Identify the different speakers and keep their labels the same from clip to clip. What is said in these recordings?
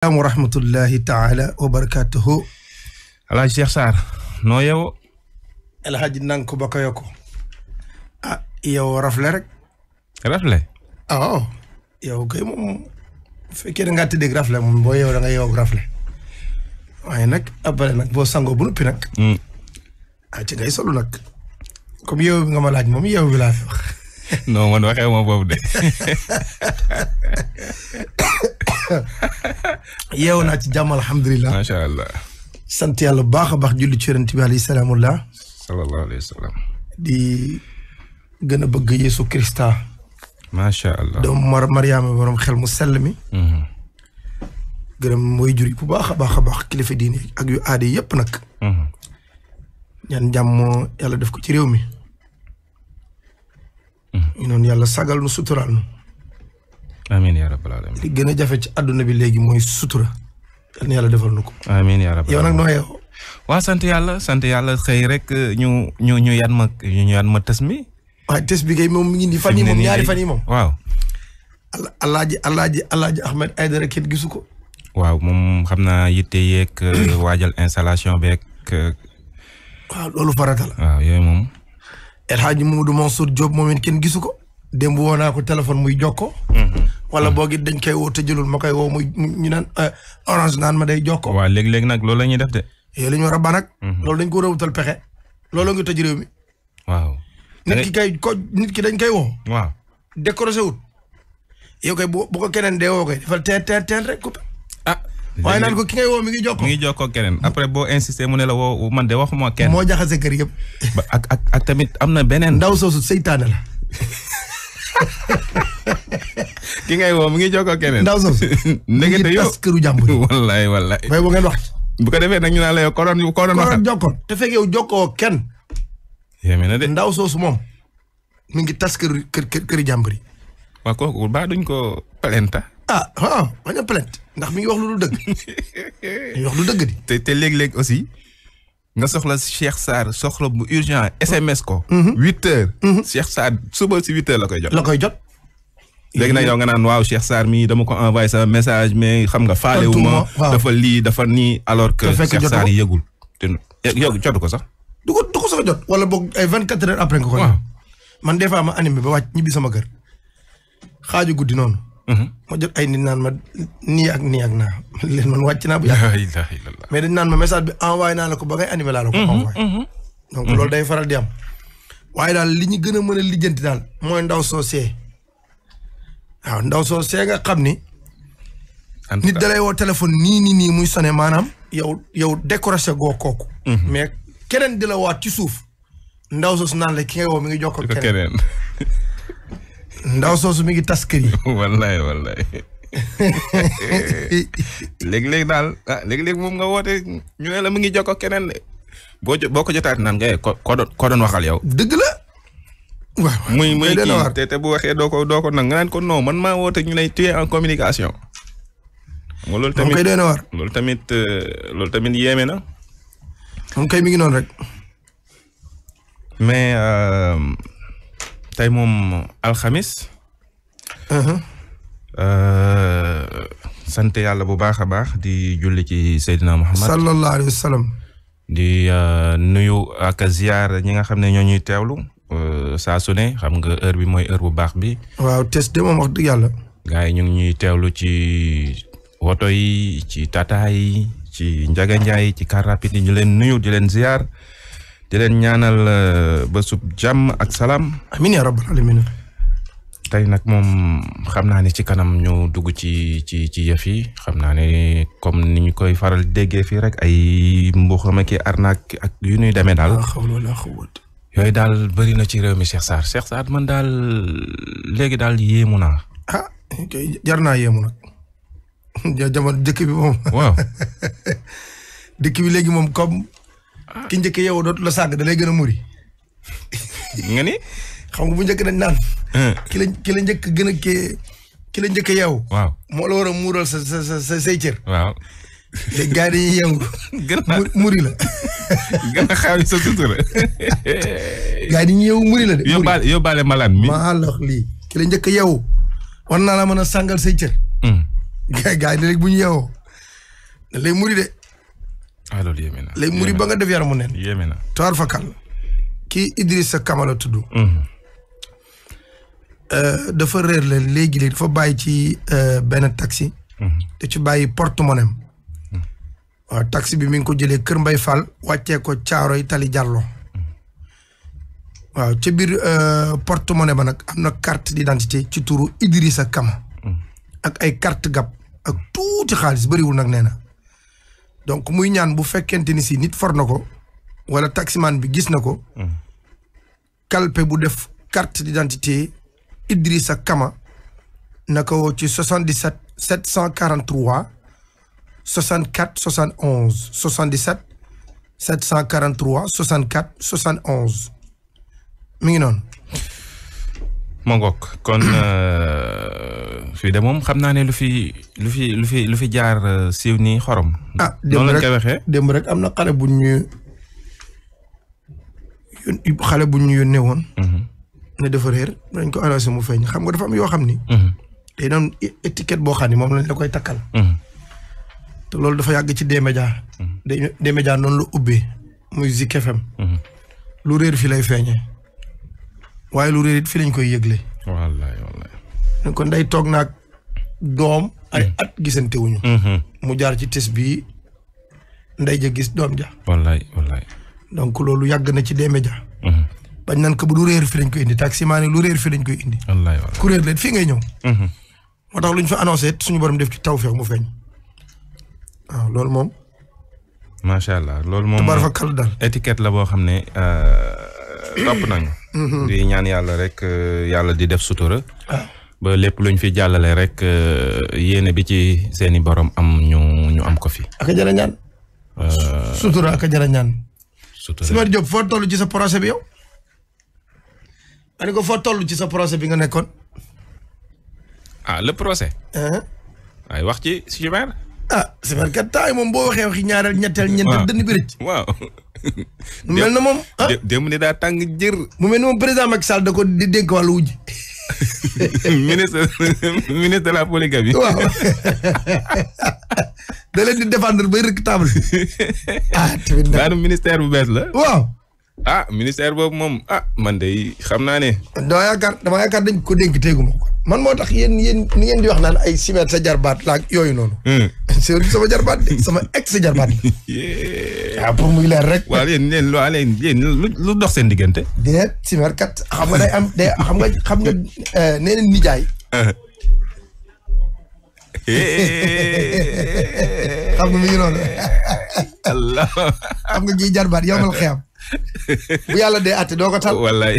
Speaker 1: salaam wa rahmatullahi taala wa barakaatuhu alaaji Cheikh Sarr noo yow alaaji nank yokku ah yow rafle rek rafle ah yow kay moom fekkee da ngaa tëddeeg rafle moom boo yow yow rafle waaye nag après nag boo sangoo bu nuppi nag mm. ah ngay solu nag comme yow bi nga ma laaj moom yow bi laa fi wax
Speaker 2: non man ma boobu de
Speaker 1: yeewu naa ci jàmm alhamdulilah. yàlla bu baax a baax julli ci yonent bi alayhi salaamullah. di gën a bëgg Yeesu Krista.
Speaker 2: macha doomu
Speaker 1: Mar Mariama xel mu sell mi. Mm-hmm. gërëm mooy jur bu baax kilifa diine ak yu aada yëpp nag. Mm-hmm. ñaan jàmm yàlla def ko ci réew mi. Mm-hmm. ñu noonu yàlla sagal nu suturaal nu. amiin yaa rabbal aalamiin. li gën a jafe ci bi léegi mooy sutura. yal na yàlla defal nu ko.
Speaker 2: amiin yaa rabbal aalamiin yow nag noo waa sant yàlla sant yàlla xëy rek euh, ñu ñu ñu yan ma ñu yan ma mi. waaw tës bi kay moom mi ngi nii fan yii moom ñaari fan yii moom.
Speaker 1: waaw. alaaji alaaji alaaji Ahmed Aidara kenn gisu ko.
Speaker 2: waaw moom xam naa yitte yeeg euh, waajal installation beeg. Euh,
Speaker 1: waaw loolu farata la. waaw yooyu moom. El Hadj Mamadou Mansour Diop moom kenn gisu ko. démb woo naa ko téléphone muy jokko. Mm-hmm. wala mm-hmm. boo gi dañ koy woo te jëlul ma koy woo muy ñu naan euh, orange naan ma day jokko. waaw léegi-léegi nag loolu la ñuy def de. yooyu eh, la ñu war a ba nag. Mm-hmm. loolu dañ ko rëwutal pexe. loolu nga tëj réew mi. waaw. nit eh. ki kay ko nit ki dañ koy woo. waaw décroché wut. yow kay bu bu ko keneen dee woo koy defal teen teen teen rek coupé. ah waaye naan ko ki ngay woo mi ngi jokko.
Speaker 2: mi ngi jokko keneen après boo insisté mu ne la woo man de waxuma kenn. moo
Speaker 1: jaxase kër yëpp. ak ak ak tamit am na beneen. ndaw soosu seytaane la. ki ngay woo mu ngi jokkoo keneen. ndaw soosu. ndekete yow tas këru jàmbur. wallaay wallaay. bay bu ngeen wax. bu ko defee nag ñu naan la yow koroon u koroon. waxal koroon jokkoon te fekk yow jokkoo kenn. yéeme na de ndaw soosu moom. mu ngi tas kër kër kër jàmbur yi. waaw kooku ba duñ ko plainte. ah ah bañ ndax mi ngi wax lu
Speaker 2: dul dëgg. mi ngi wax lu dëgg di. te te léeg-léeg aussi. nga soxla Cheikh Sarr soxla bu urgent SMS ko. Mhm. Mhm. huit heures. Mhm. Cheikh Sarr suba si huit heures la koy jot. la koy jot. léegi nag yow nga naan waaw Cheikh Sarr mii dama ko envoyé sa message mais xam nga. faale ma dafa lii dafa nii alors que. Cheikh Sarr yëgul te yëg jotu ko sax.
Speaker 1: du ko du ko jot wala boog ay vingt quatre heures après nga ko. man des fois ma animé ba wàcc ñibbi sama kër. xaaju guddi noonu. Mm-hmm. ma jot ay nit naan ma nii ak nii ak naa leen man wàcc naa bu yàgg. mais dañ naan ma message bi envoyé naa la ko ba ngay animé laa la ko mm-hmm, envoyé. Mm-hmm. donc loolu day faral di am. waaye daal li ñu gën a mën a lijjanti daal mooy ndaw soo see waaw ndaw soo see nga xam ni. nit da lay woo téléphone nii nii nii muy sonné maanaam. yow yow goo kooku. mais keneen di la waat suuf. ndaw soosu naan la ki woo mi ngi jokkoo keneen. ndaw soosu mi ngi tas kër yi. wallaay wallaay
Speaker 2: daal ah léeg-léeg moom nga woote ñu ne la mu ngi jokkoo keneen de boo boo ko jotaat naan nga eh, ko ko doon waxal yow.
Speaker 1: dëgg la. waaw
Speaker 2: muy muy kii te te bu waxee doo ko nga naan ko non man woote ñu lay tuer en communication. nga loolu tamit koy doon war loolu tamit euh, loolu tamit yéeme na. moom kay mi ngi noonu rek. mais. Euh, tey moom alxamis. Uh-huh. Euh, sant yàlla bu baax a baax di julli ci Seydina Muhammad sallallahu alayhi wa di euh, nuyu ak ziar ñi nga xam ne ñoo ñuy teewlu euh, saa su ne xam nga heure bi mooy heure bu baax bi.
Speaker 1: waaw test de moom wax dëgg yàlla.
Speaker 2: gars yi ñuy teewlu ci woto yi ci tata yi ci njaganjaay yi ci kar rapide leen nuyu di leen ziar. di ñaanal euh, ba sub jàmm ak salaam. amiin yaa rabbal alamin tey nag moom xam naa ni ci kanam ñu dugg ci ci ci yëf yi xam naa ni comme ni koy faral déggee fii rek ay mbuxam ki arnaque ak yu ñuy demee daal. yooyu daal bëri na ci réew mi Cheikh Sarr Cheikh Sarr man daal léegi daal yéemu naa.
Speaker 1: ah jar naa yéemu nag jamono dëkk bi moom. dëkk bi léegi moom comme. ki njëkk yow dootu la sàgg da gën a muri. nga ni. xam nga bu njëkk dañ naan. ki la ki la njëkk gën a kii ki la njëkk yow. waaw moo la war a muural sa sa sa sa say cër. waaw. léegi gars yi dañuy muri la. gën a xaawi sa muri la de. yóbbaale mi. maa ki la njëkk yow war naa la mën a sàngal say cër. gars yi léegi bu muri de. ah na léegi muri ba nga def yaramu neen. yéeme na tuwaar fakal kii Idrissa Kamala tudd. Mhm. Euh, dafa réer la léegi léegi dafa bàyyi ci euh, benn taxi. da mhm. ci bàyyi porte-monnaie mhm. waaw taxi bi mi ngi ko jëlee Kër Mbay Fall wàccee ko Caaroy Tali Jàllo waaw ca biir euh, porte-monnaie ba nag am na carte d'identité ci turu Idrissa Kama. ak ay carte gab ak tuuti xaalis bëriwul nag nee na. donc muy ñaan bu fekkente ni si nit forna ko wala taximan bi gis na ko. Hmm. kalpe bu def carte d'identité Idrissa Kama na ko woo ci 77 743 64 71 77 743 64 71 mi ngi noonu.
Speaker 2: ma ngoog kon euh, fii de moom xam naa ne lu fi lu fi lu fi lu fi jaar euh, siiw nii xorom. ah démb rek
Speaker 1: rek am na xale bu ñu xale bu ñu yónnee woon. Mhm. ne dafa réer dañ ko annoncé mu feeñ xam nga dafa am yoo xam ni. Mhm. day doon étiquette boo xam ne moom lañ la koy takkal. Mhm. te loolu dafa yàgg ci D-Média. D-Média noonu la ubbee muy Zik lu réer fi lay feeñe waaye lu réer it fii lañ koy yëgle. wallaay wallaay. kon day toog naag doom ay mm. at gisante mm-hmm. mu jaar ci tes bii nday ja gis doom ja.
Speaker 2: wallaay wallaay.
Speaker 1: donc loolu yàgg na ci deeme ja. Mm-hmm. bañ nan ko bu du réer fi lañ koy indi taximaane lu réer fi lañ koy indi. wallaay wallaay ku réer leen fii ngay ñëw. Mm-hmm. moo tax lu ñu fa annoncé suñu borom def ci taw feex mu feeñ. waaw loolu moom.
Speaker 2: macha allah loolu moom tabaar fa kàll daal étiquette la boo xam ne euh, topp nañu. di ñaan yàlla rek euh, yàlla di def sutura. Ah. ba lépp ñu fi jàllale rek euh, yéene bi ci seeni boroom am ñu
Speaker 1: ñu am ko fi. ak euh, ñaan. sutura ak jërë ñaan. sutura Sibar Diop foo toll ci sa projet bi yow. ani ko foo toll ci sa projet bi nga nekkoon.
Speaker 2: ah le procès.
Speaker 1: waaye ah. wax ci Sibar. ah Sibar taay moom boo waxee waxi ñaareel ñetteel ñeenteel dënn bi rëcc. waaw. mu mel na moom ah démb ne daa tàng jër. mu mel na moom président Macky Sall da ko di dénk wàllu wujj. ministre de la polygamie. waaw
Speaker 2: da leen di défendre ba rëkk table. ah tamit daanu ministère bu bees la. waaw. ah ministère boobu moom ah man de xam naa ne.
Speaker 1: dama yaakaar dama yaakaar dañ ko dénk téegu man moo tax yéen yen ni ngeen di wax naan ay simeer sa jarbaat laag yooyu noonu. Hmm. c'est sama jarbaat sama ex sa jarbaat la. ah pour muy leer rek. waaw yéen lu dox seen diggante. déet simeer kat xam nga day am day xam nga xam nga euh, nee na nijaay. xam nga mi ngi noonu. xam nga kii jarbaat yow mal xiyam. bu yàlla dee àtte doo ko tal. wallaay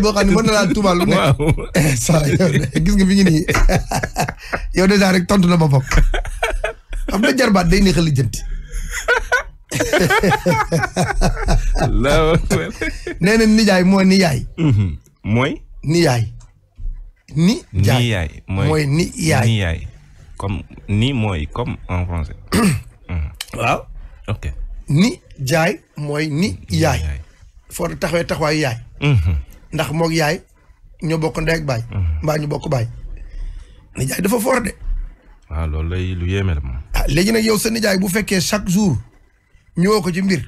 Speaker 1: boo xam ne mën na laa tuumaal lu nekk. waaw saa yow gis nga fi ñu nii yow dèjà rek tontu na ma bokk am na jarbaat day neexal lijjanti. nee na nijaay mooy nijaay. Mhm. mooy. nijaay. ni.
Speaker 2: nijaay mooy ni yaay nijaay comme mooy comme en
Speaker 1: mhm. waaw ni jaay mooy ni yaay. foo taxawee taxawaayu yaay. Mhm. ndax moog yaay ñoo bokk ndey ak baay. Mhm. mbaa ñu bokk baay. nijaay dafa foor de.
Speaker 2: waaw loolu lay lu yéeme la moom.
Speaker 1: Ah, léegi nag yow sa nijaay bu fekkee chaque jour ñëwoo ko ji mbir.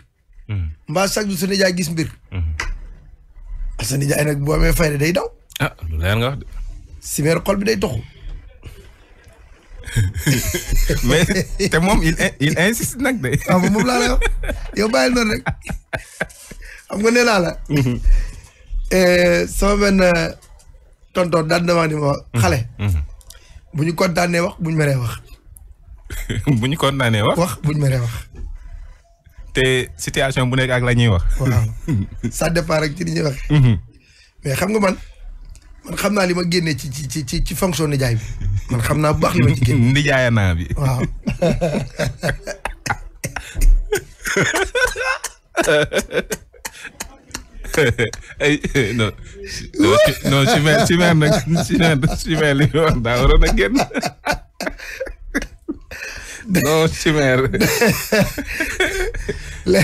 Speaker 1: Mhm. mbaa chaque jour sa nijaay gis mbir. ah sa nijaay nag boo amee fayda day daw. ah simeer xol bi day toxu. mais te moom il il nag de. waaw ah, moom laa lay wax yow bàyyil noonu rek xam nga nee naa la. Mhm. Eh, sama benn euh, tonton daan na wax mhm. xale. Mhm. bu ñu kontaanee wax bu ñu meree wax. bu ñu
Speaker 2: kontaanee wax wax bu ñu wax. te situation bu nekk ak la ñuy wax.
Speaker 1: dépend rek ci li mais xam nga man. man xam naa li ma génnee ci ci ci ci fonction man xam naa bu li ma ci génne. nijaaya naa bi waaw.
Speaker 2: non non Chimère Chimère
Speaker 1: nag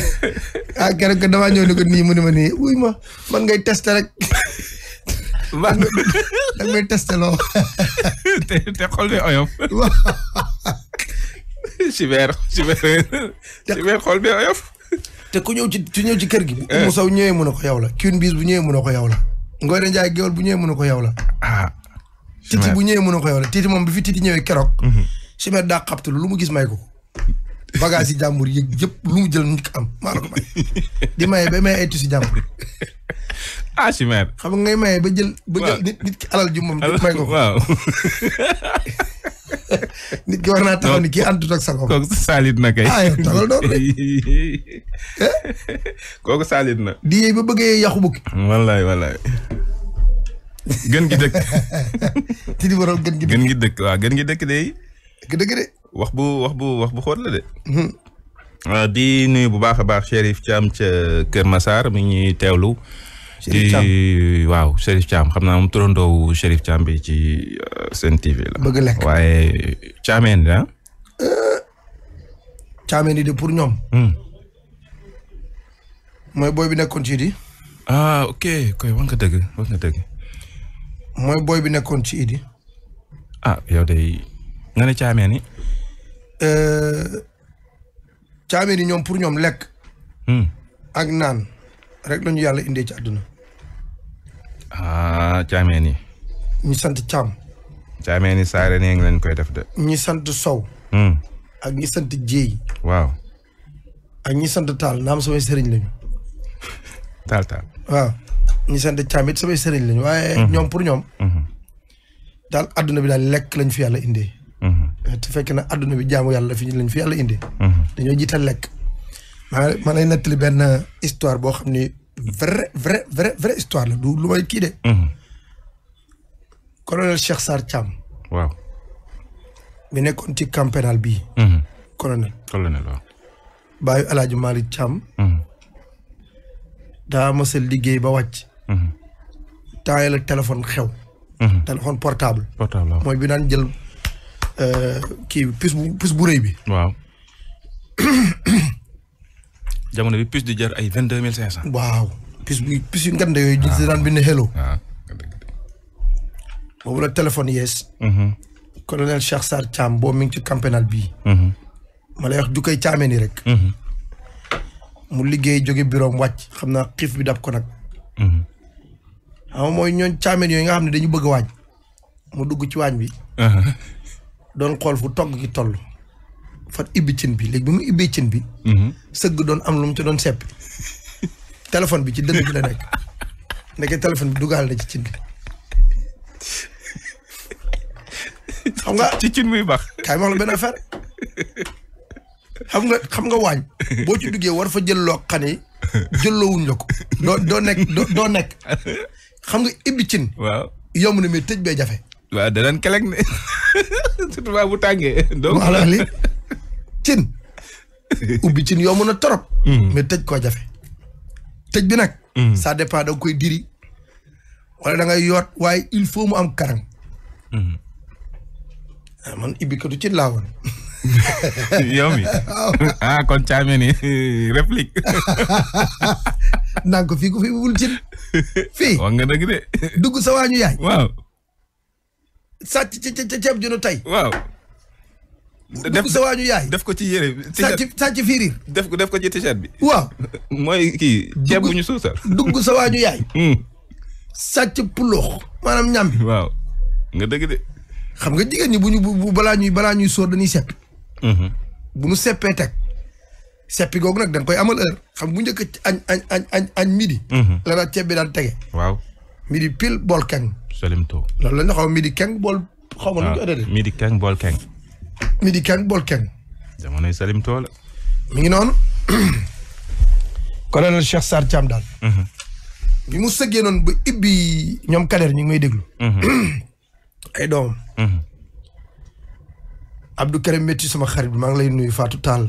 Speaker 1: ah, damaa ñëw ni ko nii mu ne ma nii wuy ma man ngay tester rek. man da ngay testé loo.
Speaker 2: te te xol bi oyof. Siber Siber Siber xol bi oyof.
Speaker 1: te ku ñëw ci kër gi. Oumou eh. Sow ñëwee mun na ko yow la. Queen Biz bu ñëwee mun na ko yow la. Ngoyre Ndiaye Géwal bu ñëwee mun na ko yow la. ah titi bu ñëwee mun na ko yow la titi moom bi fi titi ñëwee keroog. Siber mhm. daa xabtul lu mu gis may ko. bagage yi jàmbur yëpp lu mu jël nit am maa la ko di maye ba may ay tusi jàmbur. ah si meer. xam nga ngay maye ba jël. ba jël nit nit ki alal ju moom. alal may ko waaw. nit ki war naa taxaw ni kii àndut ak
Speaker 2: saalit na kay. ah yow tolloon eh? kooku saalit na.
Speaker 1: di yee ba bëggee yàqu bukki.
Speaker 2: wallaay wallaay. gën gi dëkk. ci di waral gën gi dëkk gën gi dëkk waaw gën gi dëkk de. wax bu wax bu wax la de. Hmm. Ah, di nuyu bu baax a baax Chérif am ca Kër masaar mi ñuy teewlu. Chérif waaw Chérif Thiam xam naa mu turandoowu Chérif Thiam bi ci euh, Sen TV la. bëgg lekk waaye Thiamène ah.
Speaker 1: Thiamène di pour ñoom. Hmm. mooy booy bi nekkoon ci Idi. ah ok dëgg wax nga dëgg. bi nekkoon ci Idi.
Speaker 2: ah yow de nga ne Thiamène yi.
Speaker 1: Euh, ñoom pour ñoom lekk. Hmm. ak naan rek lañu yàlla indee ci àdduna.
Speaker 2: ah caameen yi.
Speaker 1: ñi sant Thiam.
Speaker 2: caameen yi saare nee ngi koy def de.
Speaker 1: ñi sant Sow. Hmm. ak ñi sant Dieye. waaw. ak ñi sant Taal naam samay sëriñ lañu.
Speaker 2: Taal Taal.
Speaker 1: waaw ñi sant Thiam it samay sëriñ lañu. waaye hmm. ñoom pour ñoom. Hmm. daal adduna bi daal lekk lañ fi yàlla indee. te fekk na adduna bi jaamu yàlla fi lañ fi yàlla indee. dañoo jiital lekk. maa ma lay nettali benn histoire boo xam ni. vrai vrai vrai vrai la du lu kii de. Mhm. colonel Cheikh Sarr Thiam. waaw. mi nekkoon ci camp bi bii. Mhm. colonel. colonel waaw. baayu El mhm. daa mos liggéey ba wàcc. taayal la téléphone xew. téléphone portable. mooy bi daan jël euh, kii pis bu pis bu bi.
Speaker 2: jamono bi puce di jar ay vingt deux
Speaker 1: waaw puce bi puce yu ngand yooyu. waaw di daan bind hello. Ah. boobu la téléphone yees. Mhm. colonel Cheikh Sarr Thiam boo mi ngi ci campénal bi mhm. ma lay wax ju caamee nii rek. Mhm. mu liggéey jóge bureau am xam naa xiif bi dab ko nag. xam mooy ñooñ caameen yooyu xam ne dañu bëgg a mu dugg ci waañ bi. doon xool fu togg gi toll. far ibbi cin bi léegi mu ibbee cin bi. Mhm. sëgg doon am lu mu ci doon seppi. téléphone bi ci dënn la nekk ndeke téléphone bi dugal na ci cin bi. xam nga ci cin muy baax. kaay ma wax la benn affaire xam nga xam nga waañ boo ci duggee war fa jël loo xane yi jëlloowuñ doo nekk xam nga ibbi cin. waaw yomb na mais tëj bee jafe. waaw danañ kelek ne surtout bu tàngee. donc cin ubbi cin yomb na torop mm. mais tëj koo jafe tëj bi nag mm. ça dépend da koy diri wala da ngay yoot waaye il faut mu am karang mm. ah man ibbi cin laa woon yow ah kon caamee ni réplique ko fii ko fi bul cin fii wax nga de dugg sa waañu yaay waaw sàcc ci ceeb ju nu tey waaw def sa waaju yaay def ko
Speaker 2: ci yére. sàcc sàcc firir. def ko def ko ci t bi. waaw. mooy kii ceeb ñu
Speaker 1: suusal. dugg sa waaju yaay. Hmm. sàcc puloox maanaam ñambi. waaw nga dëgg de. xam nga jigéen ñi bu ñu bu balaa ñuy balaa ñuy sóor dañuy sepp. Mm-hmm. bu nu seppee teg. seppi googu nag dañ koy amal heure xam bu njëkk añ añ midi. Mm-hmm. la daan ceeb bi daan tege. waaw midi pile bool keng. salim to loolu la ñu xaw midi keng bool. xaw ma nu ñu
Speaker 2: midi keng bool keng.
Speaker 1: midi kenn bool jamonoy Salim Tool. mi ngi noonu. colonel Cheikh Sarr Thiam daal. Mhm. bi mu sëggee noonu ba ibbi ñoom Kader ñu ngi may déglu. Mhm. ay doomam. Mhm. Abdou Karim Métti sama xarit bi maa lay nuyu faatu taal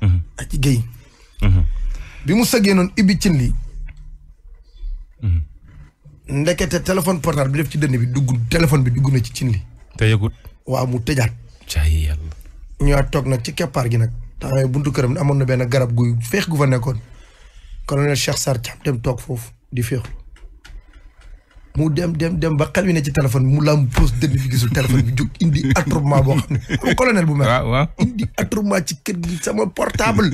Speaker 1: ak bi mu sëggee noonu ibbi cin li ndekete téléphone portable bi def ci dënn bi dugg téléphone bi dugg na ci cin li te yëgut waaw mu tëjaat. caay yàlla. ñëwaat toog nag ci keppaar gi nag. taxawee buntu këram amoon na benn garab guy féex gu fa nekkoon colonel Cheikh Sarr Thiam dem toog foofu di féexlu mu dem dem dem ba xel wi ne ci téléphone mu laam pose dënn fi gisul téléphone bi jóg indi attroupement boo xam ne colonel bu mel. waaw waaw indi attroupement ci kër gi sama portable.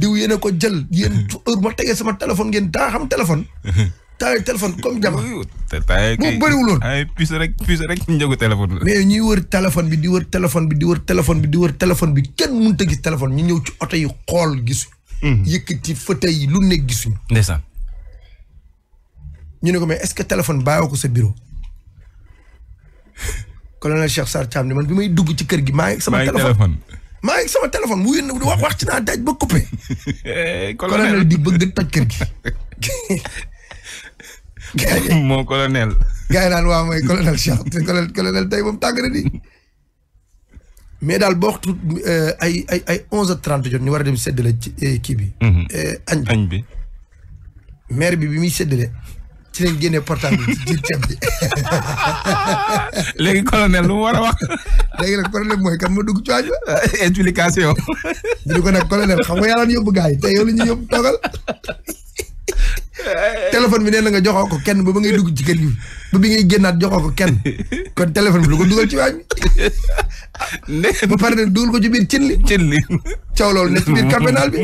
Speaker 1: diw yéen a ko jël yéen heure ma sama téléphone ngeen daa xam taay téléphone comme jama
Speaker 2: moom
Speaker 1: bëriwuloon ay
Speaker 2: puce rek puce rek njëgu téléphone mais
Speaker 1: ñuy wër téléphone bi di wër téléphone bi di wër téléphone bi di wër téléphone bi kenn mënut a gis téléphone ñu ñëw ci oto yi xool gisuñ mhm. yëkkati fauteuil yi lu nekk gisuñ ndeysaan ñu ne ko mais est-ce que téléphone bàyyoo ko sa bureau colonel Cheikh Sarr Thiam ne man bi may dugg ci kër gi maa ngi sama téléphone maa ngi sama téléphone mu yéen wax wax ci naa daj ba coupé
Speaker 2: colonel di
Speaker 1: bëgg toj kër gi
Speaker 2: moo colonel.
Speaker 1: gars yi naan waaw mooy colonel Cheikh colonel tey moom tàng di mais daal boo waxtu euh, ay ay ay onze heures jot ñu war a dem séddale ci euh, kii bi. Mhm. Euh, añ bi añ bi. bi bi muy séddale. ci lañ génnee portable ci biir ceeb bi. léegi colonel lu war a wax. léegi nag colonel mooy kan ma dugg ci waaj ba. explication. ñu ko nag colonel xam nga yàlla yóbbu gars te yow la yóbbu toogal. téléphone bi nee na nga joxoo ko kenn ba ba ngay dugg ci kër gi ba bi ngay génnaat joxoo ko kenn kon téléphone bi lu ko dugal ci waañ bi ba pare nag dugal ko ci biir cin li cin li caw loolu nekk ci biir campénal bi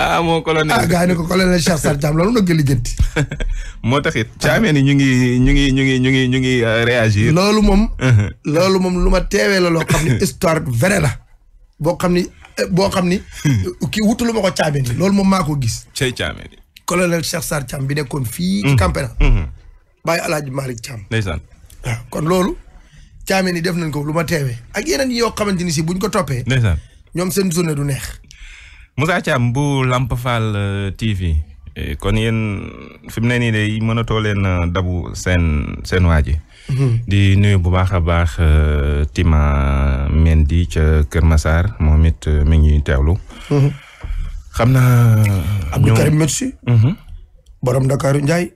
Speaker 1: ah moo colonel ah gars yi ne ko colonel Cheikh Sarr Thiam loolu nag lijjanti
Speaker 2: moo taxit caamee ni ñu ngi ñu ngi ñu ngi ñu ngi ñu ngi euh, réagir loolu moom
Speaker 1: uh-huh. loolu moom lu ma teewee la loo xam ne histoire vraie la boo xam ni boo xam ni kii wutulu ma ko caamee ni loolu moom maa ko gis cey caamee ni colonel Cheikh Sarr Thiam bi nekkoon fii. ci campénal. bàyyi El Hadj Malick Thiam. ndeysaan kon loolu. caamee ni def nañ ko lu ma teewee ak yeneen yoo xamante ni si buñ ko toppee. ndeysaan ñoom seen journée du neex.
Speaker 2: Moussa Thiam bu Lamp Fall euh, TV. Eh, kon yéen fi mu ne nii de mënatoo leen euh, dabu seen seen waa mhm. di nuyu bu baax a baax euh, Tima Mendy ca Kër Massar moom it mi ngi teewlu.
Speaker 1: Mhm. xam naa. Abdou Karim Metsu. Mhm. borom Dakaru Ndiaye.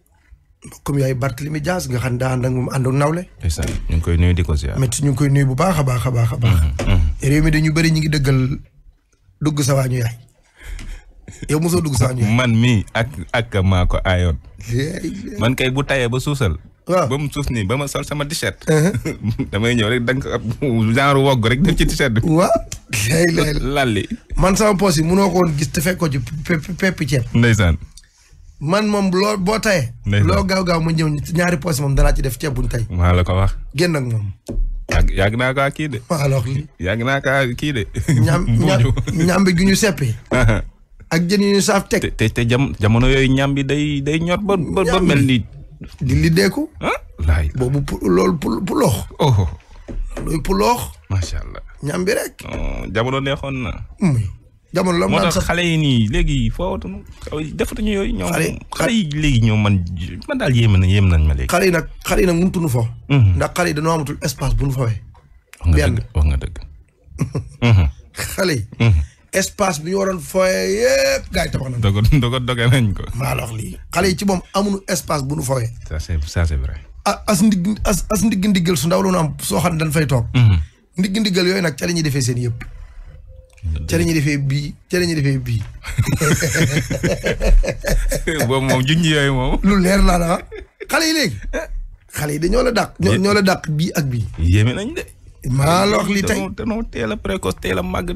Speaker 1: comme yaay Barthélemy Dias nga xam daa ànd ak moom ànd ak nawle.
Speaker 2: ndeysaan ñu ngi koy nuyu di ko ziar.
Speaker 1: Metsu ñu ngi koy nuyu bu baax baax baax a baax. Mhm, mhm. réew mi dañu bëri ñu ngi dëggal dugg sa waañu yaay.
Speaker 2: yow mosoo dugg sa yaay. man mii ak ak maa man kay bu tayee ba suusal. waaw ba mu suuf nii ba ma sol sama t-shirt. Uh-huh. damay ñëw rek danga ab genre wogg rek def ci t-shirt bi. waaw.
Speaker 1: man sama poos yi munoo ko woon gis te fekk ko ci peppi ceeb. man moom loo boo tayee. ndeysaan loo gaaw gaaw mu ñëw ñaari poos moom danaa ci def ceeb buñ tay.
Speaker 2: maa la ko wax. génn ak moom. yàgg naa kaa kii de. maa la wax yàgg naa kaa kii de. ñam ñam bi gi ñu seppi. Uh-huh. ak jën yu ñu saaf teg. te te jamono yooyu ñam bi day day ñor ba ba mel ni. dindi deeku. laay boobu pu loolu pu puloox. oh. loolu puloox. macha allah ñam bi rek. Oh, jamono neexoon na.
Speaker 1: Hmm. jamono la mu naan sax moo tax xale
Speaker 2: yi nii léegi foowatuñu
Speaker 1: defatuñu yooyu. ñoom xale yi léegi ñoom man man daal yéem na yéem nañ ma léegi. xale yi nag xale yi nag mënutuñu fo. Hmm. ndax xale yi dañoo amatul espace bu ñu fawee. benn hmm. xale yi. espace bi ñu waroon fooyee yëpp gars yi tabax nañ ko. dogo dogo doge nañ ko. maa la xale yi ci moom amuñu espace bu nu fooyee.
Speaker 2: a c'est ça c'est vrai.
Speaker 1: as ndigg ndiggal su ndaw la soo xam ne dañ fay toog. Mm-hmm. ndigg ndiggal yooyu nag ca la ñuy defee seen yëpp. ca la ñuy defee bii ca la ñuy defee bii.
Speaker 2: boobu moom junj yooyu moom.
Speaker 1: lu leer laa la xale yi léegi. xale yi dañoo la dàq. ñoo la dàq bii ak bii. yéeme nañ de. maa la wax tey te noo
Speaker 2: teel a précoce
Speaker 1: teel a màgg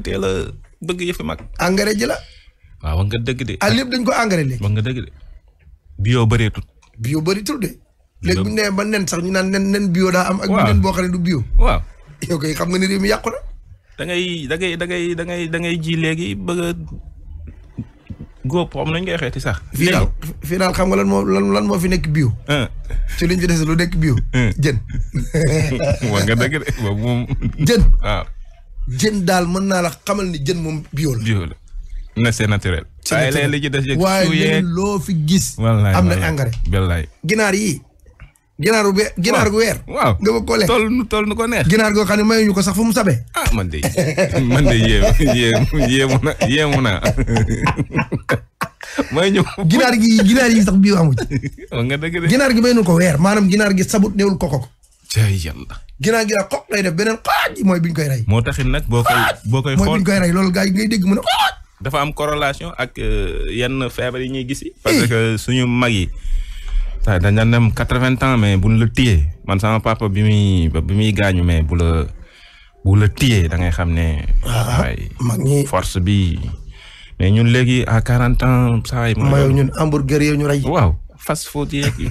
Speaker 1: bëgg yëf mag. engrais ji la. waaw wax nga dëgg de. ah lépp dañ ko engrais léegi. wax nga dëgg de. bio bëreetul. bio bëreetul de. léegi bu ñu nee ba nen sax ñu naan nen nen bio daa am. ak nen boo xam ne du bio. waaw yow kay xam nga ni réew mi yàqu na. da ngay
Speaker 2: da ngay da ngay da ngay da ngay ji léegi bëgg a góob xam nañ koy xeeti sax.
Speaker 1: léegi final final xam nga lan moo lan lan moo fi nekk bio. ci liñ fi des lu nekk bio. jën. wax nga dëgg de boobu moom. jën waaw. jën daal mën naa la xamal ni jën moom bio la. bio la na c'est naturel. loo fi gis. am na engrais. wallaay ginaar yi. ginaar bu weer ginaar gu weer. waaw nga bëgg ko lekk nu ko neex. ginaar goo xam ne ñu ko sax fu mu sabe. ah man de man de
Speaker 2: yéemu yéemu na yéemu na
Speaker 1: mayuñu. ginaar gi ginaar yi sax bii amu ci. nga dëgg de ginaar gi mayuñu ko weer maanaam ginaar gi sabut newul koko ko. ca yàlla. ginnaaw gi nag xoq lay def beneen xooj mooy koy rey.
Speaker 2: moo taxit nag boo koy. boo koy xool mooy biñ koy rey
Speaker 1: loolu gars yi ngay dégg mu ne
Speaker 2: xooj. dafa am corrélation ak euh, yenn feebar yi ñuy gisi eh. parce que suñu mag yi. waaw dañ daan dem mais buñ la téye man sama papa bi muy bi muy gaañu mais bu la bu da ngay xam ne. Ah, ah, mag ñi force bi mais ñun léegi à quarante ans. saa yi mooy
Speaker 1: ñun hamburger ñu rey. waaw fast food yeeg yu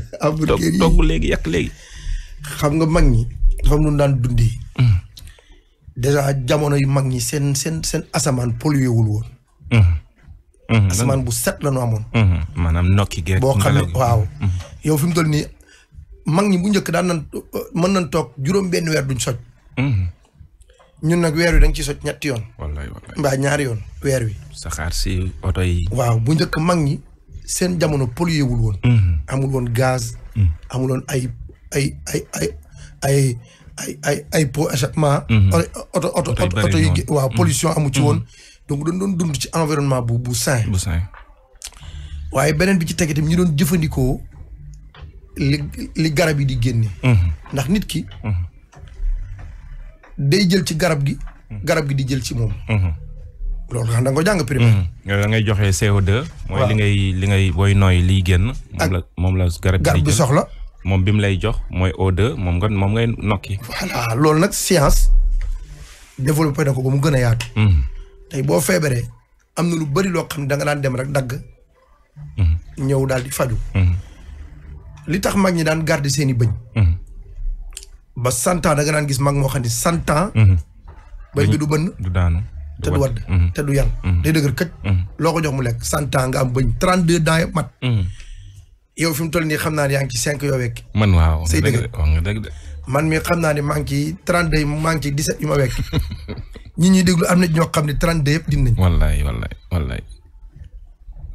Speaker 1: yi togg léegi yàq léegi. xam nga mag ñi dafa am lu daan dundee. Mm. déjà jamono yu mag ñi seen seen seen asamaan pollué wul woon.
Speaker 2: Mm. Mm. asamaan
Speaker 1: bu set la ñu amoon.
Speaker 2: maanaam nokki gi rek boo xam ne
Speaker 1: waaw. yow fi mu toll nii mag ñi bu njëkk daan nan mën nañ toog juróom benn weer duñ soj. ñun nag weer wi dañ nga ciy soj ñetti yoon. wallaay mbaa ñaari yoon weer wi.
Speaker 2: saxaar si oto yi.
Speaker 1: waaw bu njëkk mag ñi seen jamono pollué wul woon. gaz. amul woon ay ay ay ay ay ay ay ay pot échappement. Mhm. amu ci mhm. woon. donc doon doon dund ci environnement bu bu sain. bu sain waaye beneen bi ci teg bi ñu doon jëfandikoo li garab yi di génne. Mhm. ndax nit ki. day jël ci garab gi. garab gi di jël ci moom. loolu xam da nga ko jàng primaire.
Speaker 2: da ngay joxe CO2. mooy li ngay li ngay booy nooy liy génn. moom moom la garab gi bi soxla. moom bi mu lay jox mooy O2 moom nga moom ngay nokki.
Speaker 1: voilà loolu nag science développé na ko ba mu gën a yaatu. Hmm. tey boo feebaree am na lu bari loo xam ne danga daan dem rek dagg. Hmm. ñëw daal di faju hmm. li tax mag ñi daan garder seen i bëñ. ba cent ans da nga daan gis mag moo xam ne cent ans. bëñ bi du bënn du daanu. te du wadd te du yàlla. day dëgër këj. loo ko jox mu lekk cent ans nga am bëñ trente deux mat. yow fi mu toll nii xam naa ne yaa ngi ci cinq yoo wekk.
Speaker 2: man waaw wax nga
Speaker 1: dëgg de man mii xam naa ne maa ngi ci trente deux maa ngi ci yu ma wekk ñi ñuy déglu am na ñoo xam ne trente deux yëpp dinañ.
Speaker 2: wallaay wallaay wallaay.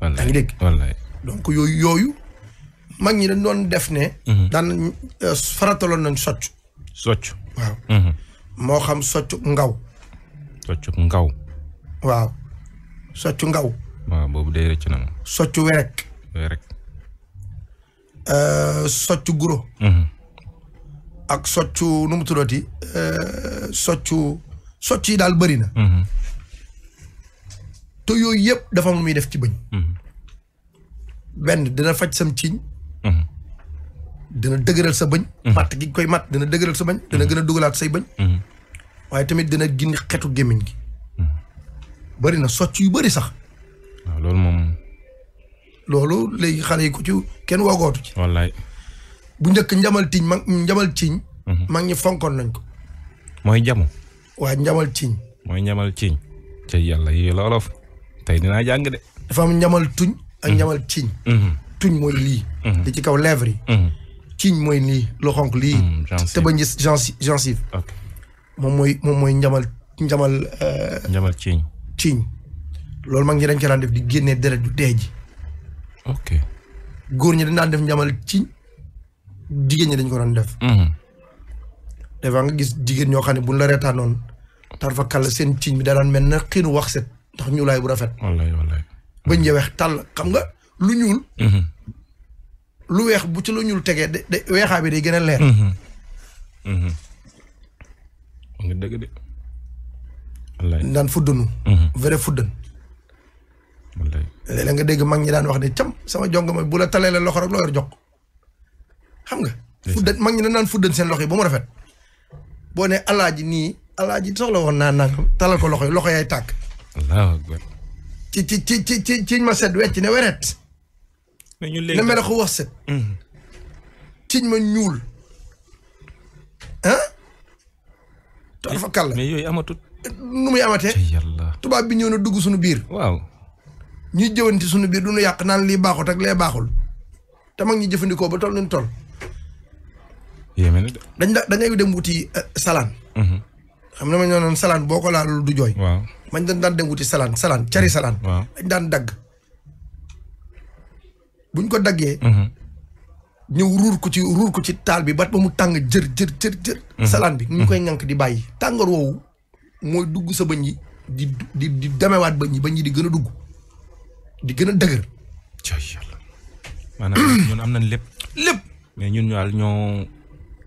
Speaker 1: wallaay yaa ngi dégg. donc yooyu yooyu. mag ñi dañ doon def ne. Mhm. daan euh, farataloon nañ socc. socc. waaw. Mhm. moo xam soccu ngaw. soccu ngaw. waaw. soccu ngaw.
Speaker 2: waaw boobu day rëcc na ma.
Speaker 1: soccu werek. Euh, soccu guro. Mhm. ak soccu nu mu tuddati euh, soccu soccu yi daal bëri na. Mhm. te yooyu yëpp dafa am lu muy def ci bëñ. Mhm. benn dina faj sam ciiñ. dana dëgëral sa bëñ. matt gi koy mat dana dëgëral sa bëñ. dina gën a dugalaat say bëñ. waaye tamit dana gindi xetu gémmiñ gi. bëri na socc yu bëri sax.
Speaker 2: waaw loolu moom.
Speaker 1: loolu léegi xale yi ko ci kenn woogootu ci. wallaay bu njëkk njamal tiñ mag njamal tiñ. Mhm. mag ñi fonkoon nañ ko. mooy jamu. waa njamal tiñ.
Speaker 2: mooy njamal tiñ. te yàlla dinaa jàng
Speaker 1: dafa am njamal tuñ. ak mhm. njamal tiñ. Mhm. tuñ mooy lii. li ci kaw lèvre tiñ mooy lii lu xonk lii. te ba gis moom mooy moom mooy njamal njamal. Euh, njamal tiñ. tiñ loolu mag ñi dañ ko def di génnee deret du dee ji. ok góor ñi dañ daan def njamal ci jigéen ñi dañ ko doon def. Mhm. des fois nga gis jigéen ñoo xam ne buñ la reetaanoon tar fa kàll seen ciñ bi daan mel na xiinu wax ndax ñuulaay bu rafet. wallaay wallaay. bañ a tàll xam nga lu ñuul. Mhm. lu weex bu ci lu ñuul tegee de de weexaa bi day gën a leer. Mhm. nga dëgg naan fuddanu. vrai fuddan. léeg nga dégg mag ñi daan wax ne cam sama jongo ma bu la talee la loxo rek loo yor jox xam nga fuddan mag ñi dañ naan fuddan seen loxo ba mu rafet boo ne alaaji nii alaaji soxla woon naa nangam talal ko loxo yi loxo yaay tàkk
Speaker 2: allahu akbar
Speaker 1: ci ci ci ci ci ma set wecc ne weret ne mel wax set mm-hmm. ciñ ma ñuul ah toor fa kàll yooyu amatut nu muy amatee tubaab bi ñëw na dugg suñu biir waaw ñuy jëwanti suñu biir du ñu yàq naan lii baaxut ak lee baaxul te mag ñi jëfandikoo ba toll nañ toll. yéeme na de. dañ da wuti euh, salaan. Mhm. xam na ma ñoo boo ko laalul jooy. waaw man dañ daan dem wuti salaan salaan cari mhm. salaan. waaw dañ daan ko daggee. Mhm. ñëw ruur ko ci ruur ko ci taal bi ba ba mu tàng jër jër jër salaan bi ñu koy ñànk di bàyyi. tàngoor woowu mooy dugg sa bëñ yi di di di demewaat bëñ yi bëñ di gën a dugg. di gën a dëgër. yàlla
Speaker 2: maanaam ñun am na lépp. lépp mais ñun ñu daal ñoo